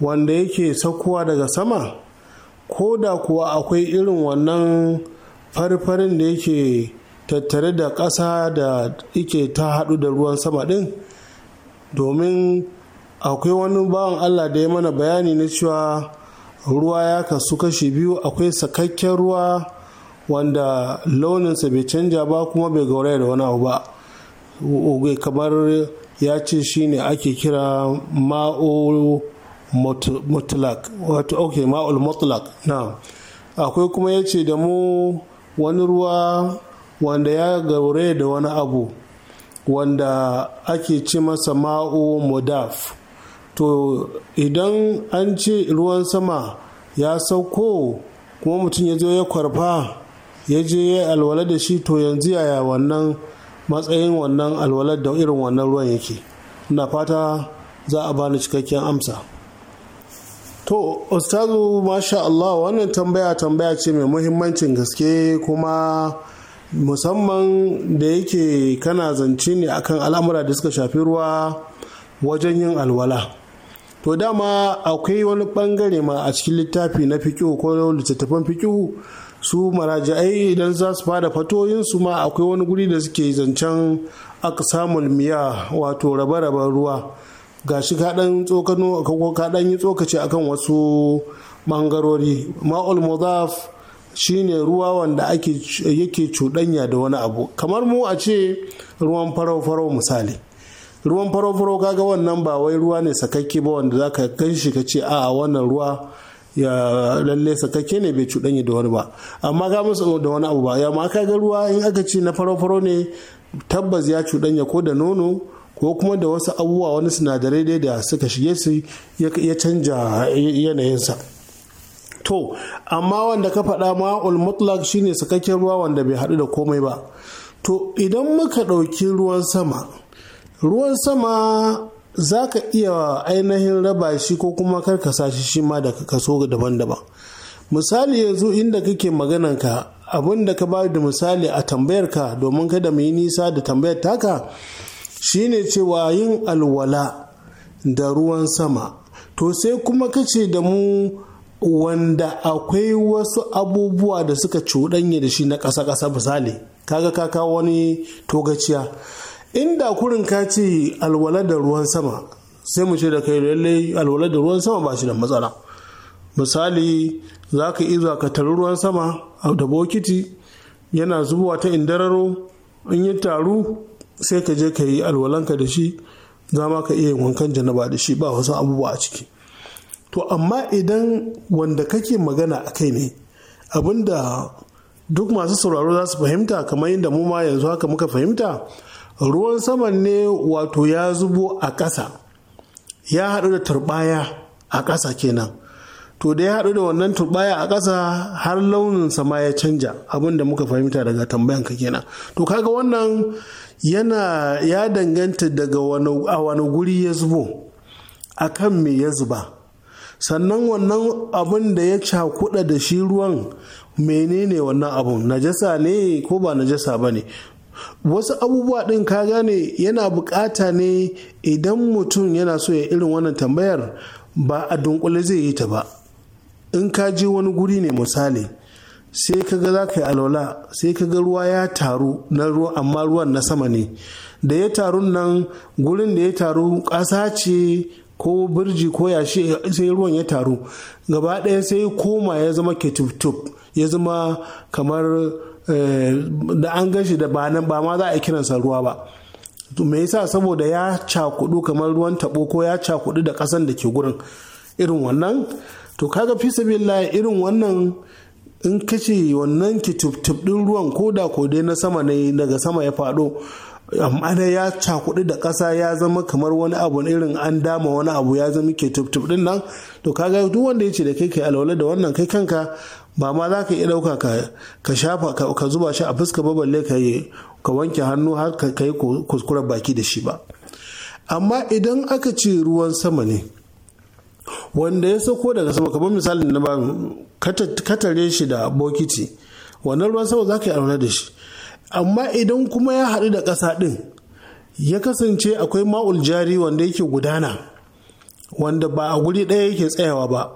wanda yake sakuwa daga sama ko da kuwa akwai irin wannan farfarin da yake tattare da ƙasa da yake ta haɗu da ruwan sama ɗin domin akwai wani bawan allah da ya mana bayani na cewa ruwa ya kasu kashi biyu akwai sakakken ruwa wanda launinsa bai canja ba kuma bai gauraya da wani abu ba kamar ya ce shi ne ake kira ma'ul mutlak wato ok ma'ul mutlak na akwai kuma ya ce da mu wani ruwa wanda ya gaure da wani abu wanda ake ci masa ma'u mudaf to idan an ce ruwan sama ya sauko kuma mutum ya zo ya kwarfa ya je ya alwala da shi to yanzu yaya wannan matsayin wannan alwalar da irin wannan ruwan yake na fata za a bani cikakken amsa to ustazu masha Allah wannan tambaya tambaya ce mai muhimmancin gaske kuma musamman da yake kana zance ne akan al'amura da suka shafi ruwa wajen yin alwala to dama akwai wani bangare ma a cikin littafi na fikihu ko littattafan fikihu su marajiai idan za su bada fatoyin su ma akwai wani guri da suke zancen aksamul miya wato rabe-raben ruwa ga shi kaɗan tsokano ko kaɗan yi tsokaci akan wasu ɓangarori ma'ul shi shine ruwa wanda yake cuɗanya da wani abu kamar mu a ce ruwan farau misali ruwan farau kaga wannan ba wai ruwa ne sakakke ba wanda zaka ganshi shi ka ce a'a wannan ruwa ya lalle sakakke ne bai cuɗanya da wani ba amma ga musu da wani abu ba ya ma ga ruwa in aka ci na faro-faro ne tabbas ya cuɗanya ko da nono ko kuma da wasu abubuwa wani sinadarai dai da suka shige su ya canja yanayinsa to amma wanda ka faɗa ma ul mutlak shine sakakken ruwa wanda bai haɗu da komai ba to idan muka ɗauki ruwan sama ruwan sama za ka iya ainihin raba shi ko kuma karkasa shi shi ma da kaso daban-daban misali yanzu inda kake maganan ka abin da ka ba da misali a tambayar ka domin kada mu yi nisa da tambayar taka shine cewa yin alwala da ruwan sama to sai kuma kace da mu wanda akwai wasu abubuwa da suka cuɗanya da shi na ƙasa-ƙasa misali kaga kaka wani togaciya inda kurin ka ce alwala da ruwan sama sai mu ce da kai lallai alwala da ruwan sama ba shi da matsala misali za ka iza ka tari ruwan sama da bokiti yana zubowa ta indararo in yi taru sai ka je ka yi alwalanka da shi za ma ka iya wankan janaba da shi ba wasu abubuwa a ciki to amma idan wanda kake magana a kai ne abinda duk masu sauraro za su fahimta kamar yadda mu ma yanzu haka muka fahimta ruwan saman ne wato ya zubo a ƙasa ya haɗu da turbaya a ƙasa kenan to da ya haɗu da wannan turbaya a ƙasa har launin sama ya canja abin muka fahimta daga tambayan ka kenan to kaga wannan yana ya danganta daga a wani guri ya zubo a kan me ya zuba sannan wannan abin da ya cakuɗa da shi ruwan menene wannan abun najasa ne ko ba najasa ba ne wasu abubuwa ɗin ka gane yana bukata ne idan mutum yana so ya irin wannan tambayar ba a dunkule zai yi ta ba in ka je wani guri ne misali sai ka ga za ka yi alwala sai ka ga ruwa ya taru na ruwa amma ruwan na sama ne da ya taru nan gurin da ya taru ƙasa ce ko birji ko yashi sai ruwan ya taru gaba ɗaya sai koma ya zama ketuptup ya zama kamar Eh, da an gashi da ba nan ba ma za a kiransa ruwa ba me yasa saboda ya cakudu kamar ruwan tabo ko ya cakudu da kasan da ke gurin irin wannan to kaga fi sabilillah irin wannan in kace wannan ki tubtub din ruwan koda ko dai na sama ne daga sama ya faɗo. ana ya cakuɗi da ƙasa ya zama kamar wani abu irin an dama wani abu ya zama ke tuftuf din nan to kaga duk wanda ya ce da kai kai alwala da wannan kai kanka ba ma za ka iya ɗauka ka shafa ka zuba shi a fuska ba balle ka yi ka wanke hannu har ka yi kuskuren baki da shi ba amma idan aka ce ruwan sama ne wanda ya sauko daga sama kamar misalin na ba katare shi da bokiti wannan ruwan sama za ka yi alwala da shi amma idan kuma ya haɗu da ƙasa ɗin ya kasance akwai ma'ul jari wanda yake gudana wanda ba a guri ɗaya yake tsayawa ba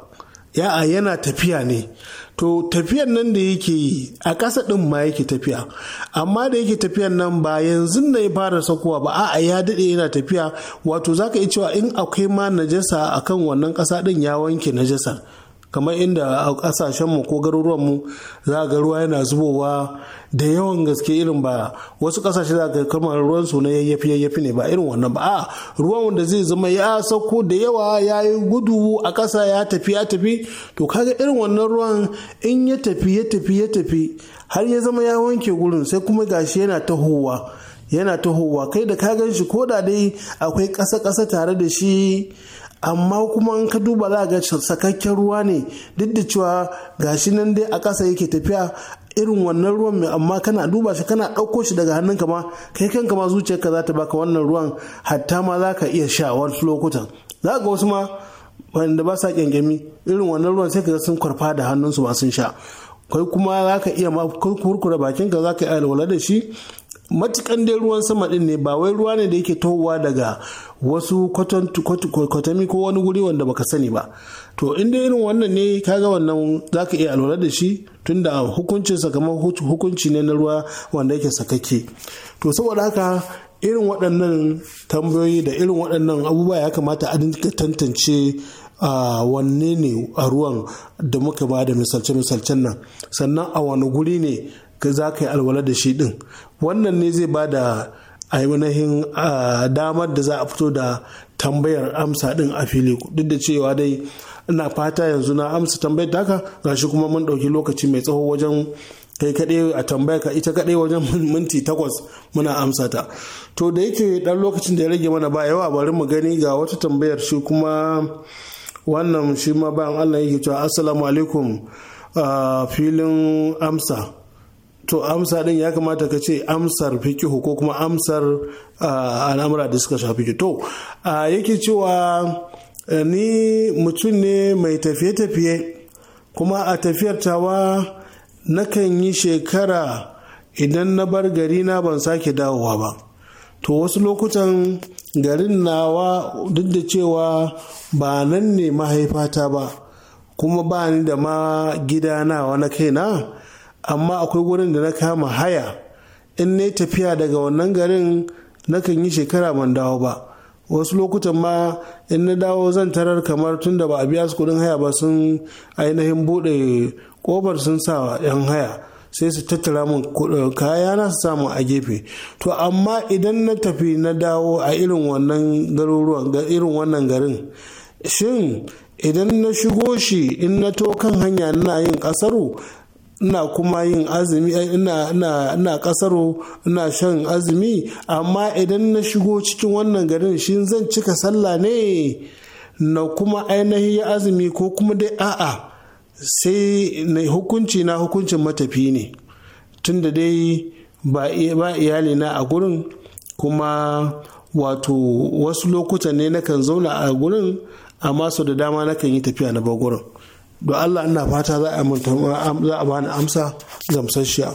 a yana tafiya ne to tafiyan nan da yake yi a ƙasa ɗin ma yake tafiya amma da yake tafiyan nan ba yanzu na ya fara sakuwa ba a'a ya daɗe yana tafiya wato zaka yi cewa in akwai ma najasa akan wannan ƙasa ɗin ya wanke najasar kamar inda a kasashenmu ko garuruwanmu za ga ruwa yana zubowa da yawan gaske irin ba wasu kasashe za ga kamar ruwan su na yayyafi yayyafi ne ba irin wannan ba a ruwan wanda zai zama ya sauko da yawa ya yi gudu a ƙasa ya tafi ya tafi to kaga irin wannan ruwan in ya tafi ya tafi ya tafi har ya zama ya wanke gurin sai kuma gashi yana tahowa yana tahowa kai da ka gan shi ko da dai akwai ƙasa ƙasa tare da shi amma kuma in ka duba za ga sakakken ruwa ne duk da cewa gashi nan dai a ƙasa yake tafiya irin wannan ruwan mai amma kana duba shi kana ɗauko shi daga hannunka ma kai kanka ma zuciyarka za ta baka wannan ruwan hatta ma za ka iya sha wasu lokutan za ga wasu ma wanda ba sa ƙyanƙyami irin wannan ruwan sai ka ga sun kwarfa da hannunsu ba sun sha kai kuma za ka iya ma kurkura bakinka za ka yi alwala da shi matukan dai ruwan sama din ne ba wai ruwa ne da yake tohuwa daga wasu kwatami ko wani guri wanda baka sani ba to inda irin wannan ne kaga wannan za ka iya alwala da shi tunda hukuncin kamar hukunci ne na ruwa wanda yake sakake to saboda haka irin waɗannan tambayoyi da irin waɗannan abubuwa ya kamata a dinka tantance a wanne ne a ruwan da muka ba da misalce-misalcen nan sannan a wani guri ne za ka yi alwala da shi din wannan ne zai ba da ainihin damar da za a fito da tambayar amsa din a fili duk da cewa dai ina fata yanzu na amsa tambayar taka gashi kuma mun ɗauki lokaci mai tsawo wajen kai kaɗai a tambaya ka ita kaɗe wajen minti takwas muna amsa ta to da yake ɗan lokacin da ya rage mana ba yawa bari mu gani ga wata tambayar shi kuma wannan shi ma bayan allah yake cewa assalamu alaikum filin amsa to amsa din ya kamata ka ce amsar fikihu ko kuma amsar al'amura da suka shafi to yake cewa eh, ni mutum ne mai tafiye-tafiye kuma a tafiyar tawa nakan yi shekara idan na bar gari na ban sake dawowa ba to wasu lokutan garin nawa duk da cewa ba nan ne mahaifata ba kuma ba ni da ma gida nawa na kaina amma akwai wurin da na kama haya in na tafiya daga wannan garin nakan yi shekara ban dawo ba wasu lokutan ma in na dawo zan tarar kamar tun da ba a biya su kudin haya ba sun ainihin buɗe kofar sun sa yan haya sai su tattara mun kaya na su samu a gefe to amma idan na tafi na dawo a irin wannan garuruwan irin wannan garin shin idan na shigo shi in na to kan hanya na yin kasaru ina kuma yin azumi eh, ina kasaro ina shan azumi amma idan na shigo cikin wannan garin shi zan cika sallah ne na kuma ainihin ya azumi ko kuma dai a'a sai na hukunci na hukuncin matafi ne tunda dai ba iyali na a gurin kuma wato wasu lokutan ne nakan zauna a gurin amma sau da dama na kan yi tafiya na bar gurin don Allah ina fata za a bani amsa gamsasshiya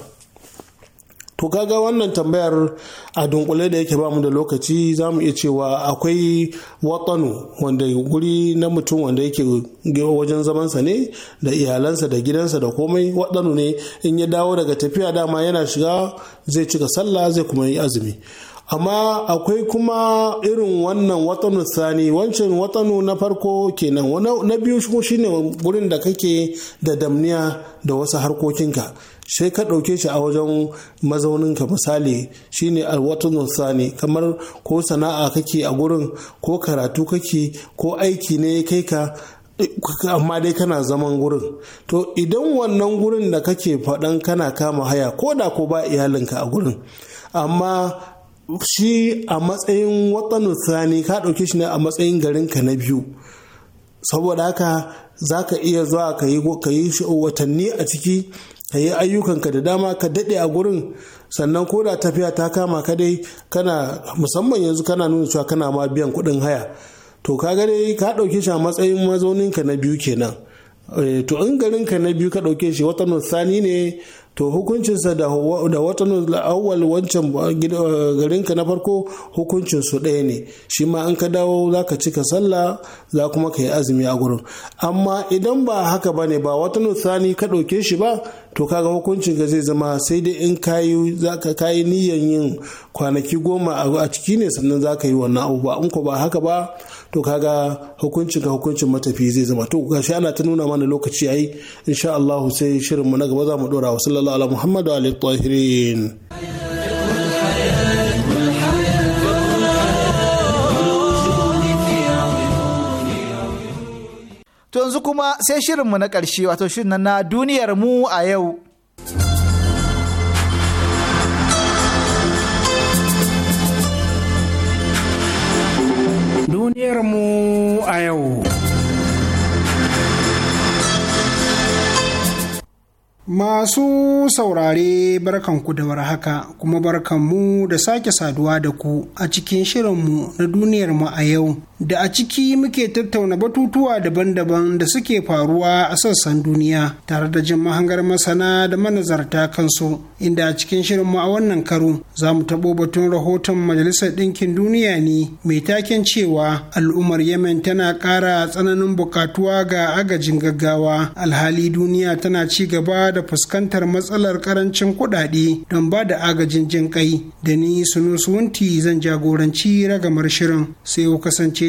to kaga wannan tambayar a dunkule da yake bamu da lokaci za mu iya cewa akwai watsanu wanda guri na mutum wanda yake wajen zamansa ne da iyalansa da gidansa da komai watsanu ne in ya dawo daga tafiya dama yana shiga zai cika sallah zai kuma yi azumi amma akwai kuma irin wannan watanu sani wancan watanu na farko kenan na biyu shine gurin da kake da damniya da wasu harkokinka sai ka ɗauke shi a wajen mazauninka misali shine alwatun sani kamar ko sana'a kake a gurin ko karatu kake ko aiki ne kai ka amma dai kana zaman gurin to idan wannan gurin da kake faɗan kana kama haya ko da ko ba iyalinka a gurin amma shi a matsayin wata sani ka ɗauke shi ne a matsayin garinka na biyu saboda haka za ka iya zuwa ka yi watanni a ciki ka yi ayyukanka da dama ka daɗe a gurin sannan ko da tafiya ta kama ka dai kana musamman yanzu kana nuna cewa kana ma biyan kuɗin haya to ka ga dai ka ɗauke shi a matsayin mazauninka na biyu kenan eh, to in garinka na biyu ka ɗauke shi wata sani ne to hukuncinsa da watan awwal wancan eh, garinka na farko hukuncinsu ɗaya ne shi ma an ka dawo za ka cika sallah za kuma ka yi azumi a gurin amma idan ba haka ba ne ba wata nutsani ka ɗauke shi ba to kaga hukuncin ka zai zama sai dai in kayi za ka kayi niyan yin kwanaki goma a ciki ne sannan za ka yi wannan abu ba in ko ba haka ba to kaga hukuncin ka hukuncin matafi zai zama to gashi ana ta nuna mana lokaci yayi insha Allah sai shirin mu na gaba za mu dora wa sallallahu alaihi wa alihi To yanzu kuma sai shirinmu na ƙarshe wato shirin na duniyar mu a yau. Duniyar mu a yau. Masu saurare barkanku da warhaka kuma barkan mu da sake saduwa da ku a cikin shirinmu na duniyar mu a yau da a ciki muke tattauna batutuwa daban-daban da suke faruwa a sassan duniya tare da jin mahangar masana da manazarta kansu inda a cikin shirin a wannan karo za mu taɓo batun rahoton majalisar ɗinkin duniya ne mai taken cewa al'ummar yemen tana ƙara tsananin buƙatuwa ga agajin gaggawa alhali duniya tana ci gaba da fuskantar matsalar ƙarancin kuɗaɗe don ba da agajin jin ƙai. da ni sunusunti zan jagoranci ragamar shirin sai ku kasance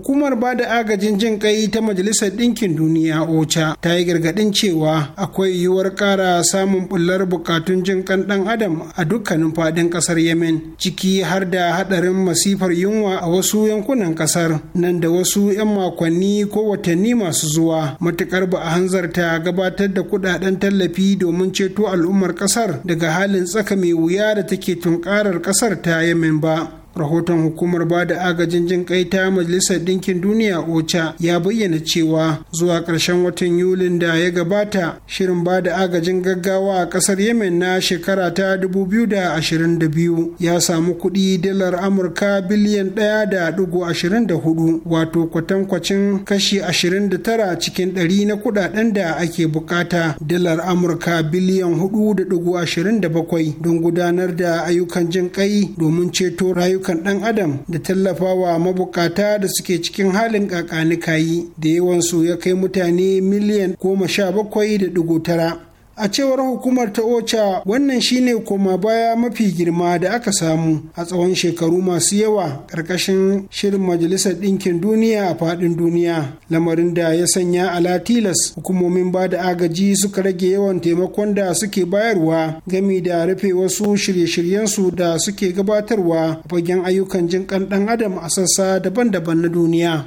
hukumar ba da agajin jin kai ta majalisar ɗinkin duniya ocha ta yi gargaɗin cewa akwai yiwuwar ƙara samun bullar bukatun jin kan ɗan adam a dukkanin faɗin ƙasar yemen ciki har da haɗarin masifar yunwa a wasu yankunan ƙasar nan da wasu 'yan makonni ko watanni masu zuwa matuƙar ba a hanzarta gabatar da kuɗaɗen tallafi domin ceto al'ummar ƙasar daga halin tsaka mai wuya da take tunkarar ƙasar ta yemen ba rahoton hukumar ba da agajin jin kai ta majalisar ɗinkin duniya ocha ya bayyana cewa zuwa ƙarshen watan yulin da ya gabata shirin ba da agajin gaggawa a ƙasar yemen na shekara ta 2022 ya samu kuɗi dalar amurka biliyan 1.24 wato kwatankwacin kashi 29 cikin 100 na kuɗaɗen da ake bukata dalar amurka biliyan 4.27 don gudanar da ayyukan jin kai domin ceto rayuka ayyukan ɗan adam da tallafawa mabukata da suke cikin halin kakanikayi da yawansu ya kai mutane miliyan goma sha bakwai da dugu tara A cewar hukumar ta OCHA wannan shine koma baya mafi girma da aka samu a tsawon shekaru masu yawa ƙarƙashin shirin Majalisar Ɗinkin Duniya a faɗin duniya. Lamarin da ya sanya ala tilas hukumomin ba da agaji suka rage yawan taimakon da suke bayarwa gami da rufe wasu shirye-shiryensu da suke gabatarwa a fagen ayyukan jin ɗan adam a sassa daban-daban na duniya.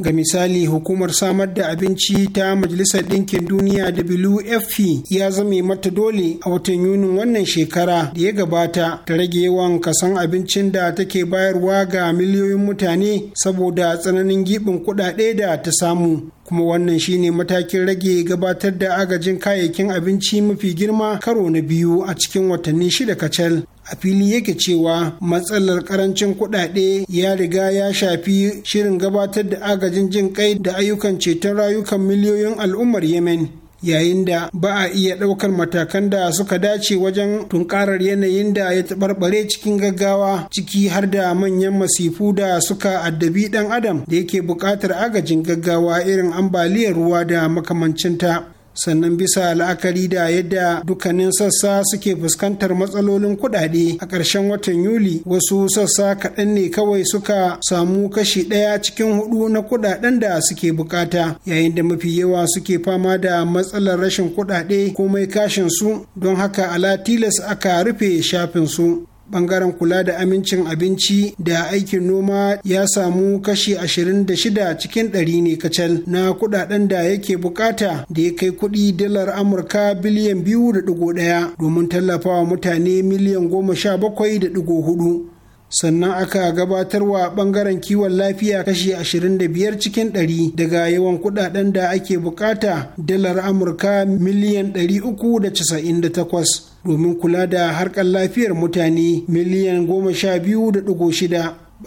ga misali hukumar samar da abinci ta majalisar ɗinkin duniya wfp ya zame mata dole a watan yunin wannan shekara da ya gabata ta rage yawan kasan abincin da take bayarwa ga miliyoyin mutane saboda tsananin giɓin kuɗaɗe da ta samu kuma wannan shine matakin rage gabatar da agajin kayayyakin abinci mafi girma karo na biyu a cikin watanni shida kacal a fili yake cewa matsalar karancin kuɗaɗe ya riga ya shafi shirin gabatar da agajin jin kai da ayyukan ceton rayukan miliyoyin al'ummar yemen yayin da ba a iya ɗaukar matakan da suka dace wajen tunkarar yanayin da ya taɓarɓare cikin gaggawa ciki har da manyan masifu da suka addabi ɗan adam da yake buƙatar agajin gaggawa irin ambaliyar ruwa da makamancinta. sannan bisa la'akari da yadda dukkanin sassa suke fuskantar matsalolin kudade a ƙarshen watan yuli wasu sassa kaɗan ne kawai suka samu kashi ɗaya cikin hudu na kudaden da suke bukata yayin da mafi yawa suke fama da matsalar rashin kudade komai kashin su don haka ala tilas aka rufe shafin su bangaren kula da amincin abinci da aikin noma ya samu kashi 26 cikin 100 ne kacal na kudaden da yake bukata da ya kai kudi dalar amurka biliyan 2.1 domin tallafawa mutane miliyan 17.4 sannan aka gabatar wa bangaren kiwon lafiya kashi 25 cikin 100 daga yawan kudaden da ake bukata dalar amurka miliyan 398 domin kula da harkar lafiyar mutane miliyan 12.6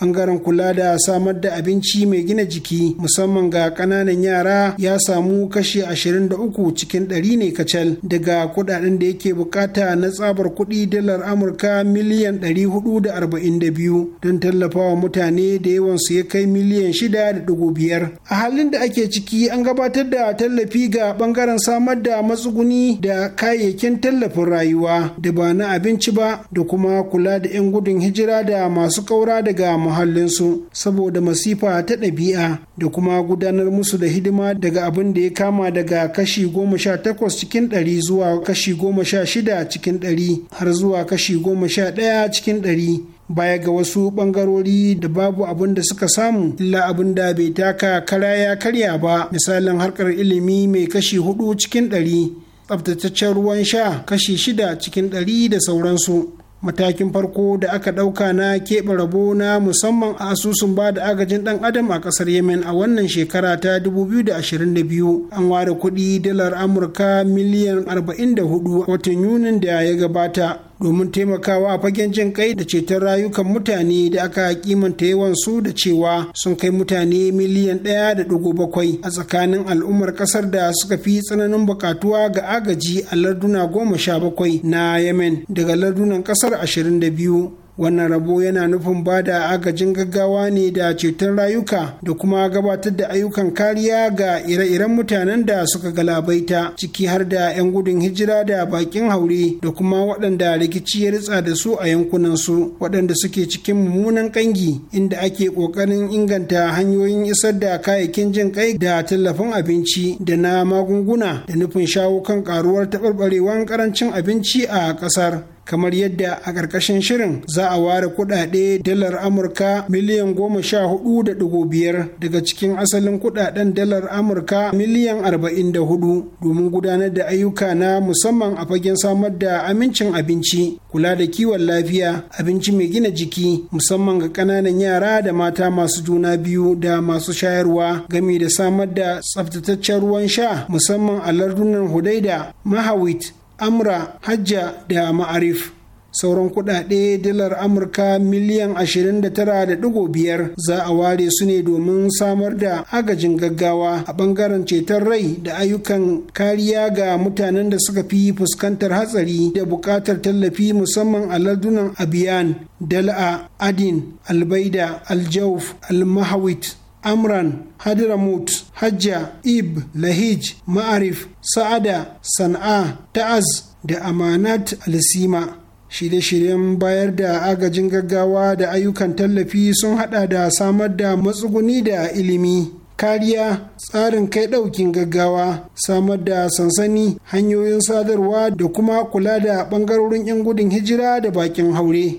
bangaren kula da samar da abinci mai gina jiki musamman ga ƙananan yara ya samu kashi 23 cikin 100 ne kacal daga kudaden da yake bukata na tsabar kuɗi dalar amurka miliyan 442 don tallafawa mutane da yawansu ya kai miliyan 6.5 a halin da ake ciki an gabatar da tallafi ga bangaren samar da matsuguni da kayayyakin tallafin rayuwa da ba na abinci ba da kuma kula da 'yan gudun hijira da masu kaura daga muhallinsu saboda masifa ta ɗabi'a da kuma gudanar musu da hidima daga abin da ya kama daga kashi goma sha takwas cikin ɗari zuwa kashi goma sha shida cikin ɗari har zuwa kashi goma sha ɗaya cikin ɗari baya ga wasu ɓangarori da babu abin da suka samu illa abin da bai taka kara ya karya ba misalin harkar ilimi mai kashi hudu cikin ɗari tsabtataccen ruwan sha kashi shida cikin ɗari da sauransu matakin farko da aka ɗauka na keɓe rabo na musamman a asusun ba da agajin ɗan adam a ƙasar yemen a wannan shekara ta 2022 an ware kuɗi dalar amurka miliyan 44 watan yunin da ya gabata domin taimakawa a fagen jin kai da ceton rayukan mutane da aka kimanta yawan su da cewa sun kai mutane miliyan ɗaya da ɗigo bakwai a tsakanin al'ummar ƙasar da suka fi tsananin bukatuwa ga agaji a larduna goma sha bakwai na yemen daga lardunan ƙasar ashirin da biyu wannan rabo yana nufin ba da agajin gaggawa ne da ceton rayuka da kuma gabatar da ayyukan kariya ga ire-iren mutanen da suka galabaita ciki har da 'yan gudun hijira da bakin haure da kuma waɗanda rikici ya ritsa da su a yankunansu, waɗanda suke cikin mummunan ƙangi, inda ake ƙoƙarin inganta hanyoyin isar da kayayyakin jin kai da tallafin abinci da na magunguna da nufin shawo kan ƙaruwar taɓarɓarewar ƙarancin abinci a ƙasar kamar yadda a ƙarƙashin shirin za a ware kuɗaɗe dalar amurka miliyan goma sha hudu da ɗigo biyar daga cikin asalin kuɗaɗen dalar amurka miliyan arba'in da hudu domin gudanar da ayyuka na musamman a fagen samar da amincin abinci kula da kiwon lafiya abinci mai gina jiki musamman ga ƙananan yara da mata masu juna biyu da masu shayarwa game da samar da tsaftataccen ruwan sha musamman a lardunan hudaida mahawit amra hajja da ma'arif sauran kudade dalar amurka miliyan 29.5 za a ware su ne domin samar da agajin gaggawa a bangaren ceton rai da ayyukan kariya ga mutanen da suka fi fuskantar hatsari da buƙatar tallafi musamman a lardunan abiyan dal'a adin albaida aljauf almahawit Amran, Hadramut, Hajja, Ib, Lahij, Ma'arif, Sa'ada, San'a, Ta'az da Amanat Alsima. Shirye-shiryen bayar da agajin gaggawa da ayyukan tallafi sun hada da samar da matsuguni da ilimi. kariya tsarin kai ɗaukin gaggawa samar da sansani hanyoyin sadarwa da kuma kula da ɓangarorin 'yan gudun hijira da bakin haure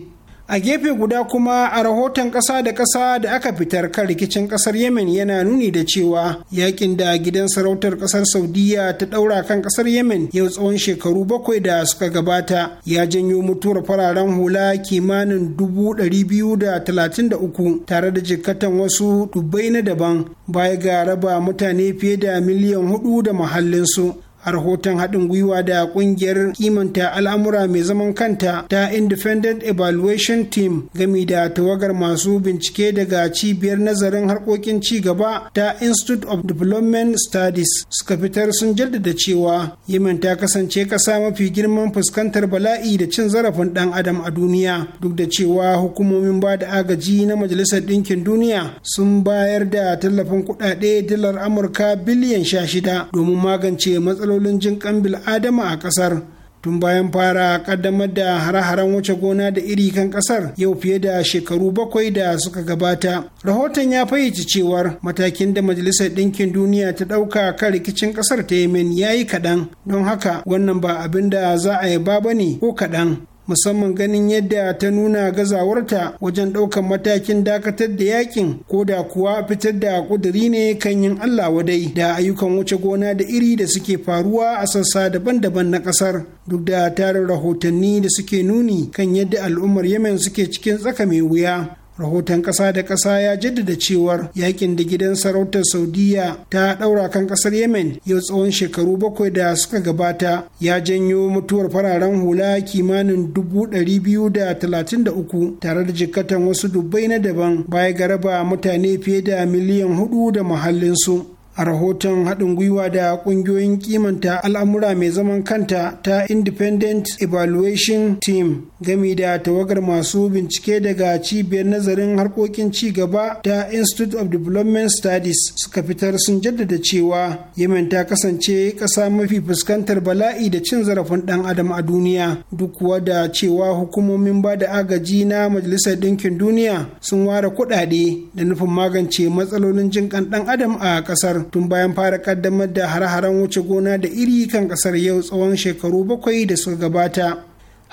a gefe guda kuma a rahoton ƙasa da ƙasa da aka fitar kan rikicin ƙasar yemen yana nuni da cewa yakin da gidan sarautar ƙasar Saudiyya ta ɗaura kan ƙasar yemen yau tsawon shekaru bakwai da suka gabata ya janyo mutuwar fararen hula kimanin dubu ɗari biyu da talatin da uku tare da jikkatan wasu dubbai na daban baya ga raba mutane fiye da miliyan hudu da muhallinsu a rahoton haɗin gwiwa da ƙungiyar kimanta al'amura mai zaman kanta ta independent evaluation team gami da tawagar masu bincike daga cibiyar nazarin harkokin ci gaba ta institute of development studies suka fitar sun jaddada cewa yemen ta kasance ƙasa mafi girman fuskantar bala'i da cin zarafin ɗan adam a duniya duk da cewa hukumomin ba da agaji na majalisar ɗinkin duniya sun bayar da tallafin kuɗaɗe dalar amurka biliyan sha shida domin magance matsalolin matsalolin jin kan bil'adama a ƙasar tun bayan fara kaddamar da hare-haren wuce gona da iri kan kasar yau fiye da shekaru bakwai da suka gabata rahoton ya fayyace cewar matakin da majalisar ɗinkin duniya ta ɗauka kan rikicin kasar ta yemen ya yi kaɗan don haka wannan ba abin da za a yi ba ne ko kaɗan musamman ganin yadda ta nuna gazawarta wajen ɗaukan matakin dakatar da yakin ko da kuwa fitar da ƙuduri ne kan yin Allah wadai da ayyukan wuce gona da iri da suke faruwa a sassa daban-daban na ƙasar duk da tarin rahotanni da suke nuni kan yadda al'ummar Yemen suke cikin tsaka mai wuya rahoton ƙasa da ƙasa ya jaddada cewar yakin da gidan sarautar saudiya ta daura kan ƙasar yemen yau tsawon shekaru bakwai da suka gabata ya janyo mutuwar fararen hula kimanin dubu ɗari biyu da talatin da uku tare da jikkatan wasu dubbai na daban baya ga raba mutane fiye da miliyan hudu da muhallinsu a rahoton haɗin gwiwa da ƙungiyoyin kimanta al'amura mai zaman kanta ta independent evaluation team gami da tawagar masu bincike daga cibiyar nazarin harkokin ci gaba ta institute of development studies suka fitar sun jaddada cewa yemen ta kasance ƙasa mafi fuskantar bala'i da cin zarafin ɗan adam a duniya duk kuwa da cewa hukumomin ba da agaji na majalisar ɗinkin duniya sun ware kuɗaɗe da nufin magance matsalolin jin ɗan adam a ƙasar tun bayan fara kaddamar da har haren wuce gona da iri kan kasar yau tsawon shekaru bakwai da suka gabata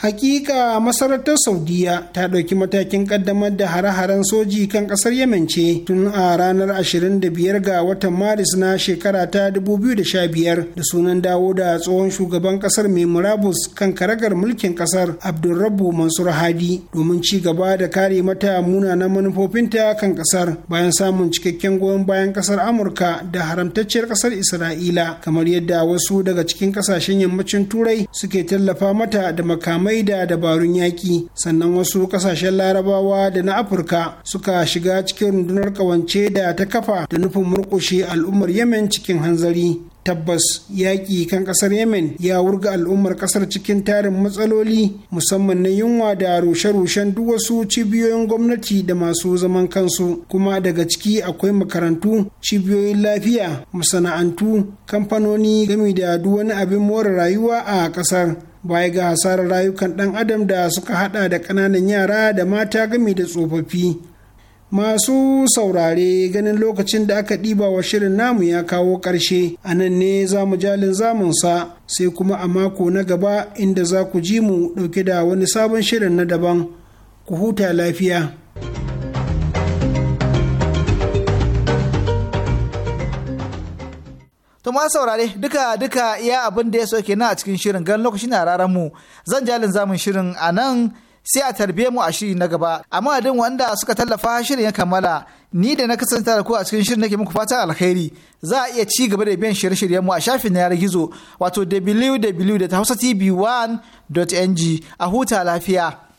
hakika masarautar saudiya ta ɗauki matakin ƙaddamar da hare-haren soji kan ƙasar yemen ce tun a ranar 25 ga watan maris na shekara ta 2015 da sunan dawo da tsohon shugaban ƙasar mai murabus kan karagar mulkin ƙasar abdulrabu mansur hadi domin ci gaba da kare mata munanan manufofinta kan ƙasar bayan samun cikakken goyon bayan ƙasar amurka da haramtacciyar ƙasar isra'ila kamar yadda wasu daga cikin ƙasashen yammacin turai suke tallafa mata da makamai mai da dabarun yaƙi sannan wasu ƙasashen larabawa da na afirka suka shiga cikin rundunar ƙawance da ta kafa da nufin murƙushe al'ummar yemen cikin hanzari tabbas yaƙi kan ƙasar yemen ya wurga al'ummar ƙasar cikin tarin matsaloli musamman na yunwa da rushe-rushen duk wasu cibiyoyin gwamnati da masu zaman kansu kuma daga ciki akwai makarantu cibiyoyin lafiya masana'antu kamfanoni gami da duk wani abin more rayuwa a ƙasar baya ga hasarar rayukan ɗan adam da suka haɗa da ƙananan yara da mata gami da tsofaffi masu saurare ganin lokacin da aka ɗiba wa shirin namu ya kawo ƙarshe a nan ne za mu jalin zamunsa sai kuma a mako na gaba inda za ku ji mu ɗauke da wani sabon shirin na daban ku huta lafiya. To ma saurare duka duka iya abin da ya so kenan a cikin shirin gan lokaci na raran mu zan jalin zamun shirin a nan sai a tarbiye mu a shiri na gaba amma adin wanda suka tallafa shirin ya kammala ni da na kasance da ku a cikin shirin nake muku fatan alkhairi za a iya ci gaba da biyan shirye-shiryen mu a shafin yanar gizo wato www.hausatv1.ng a huta lafiya.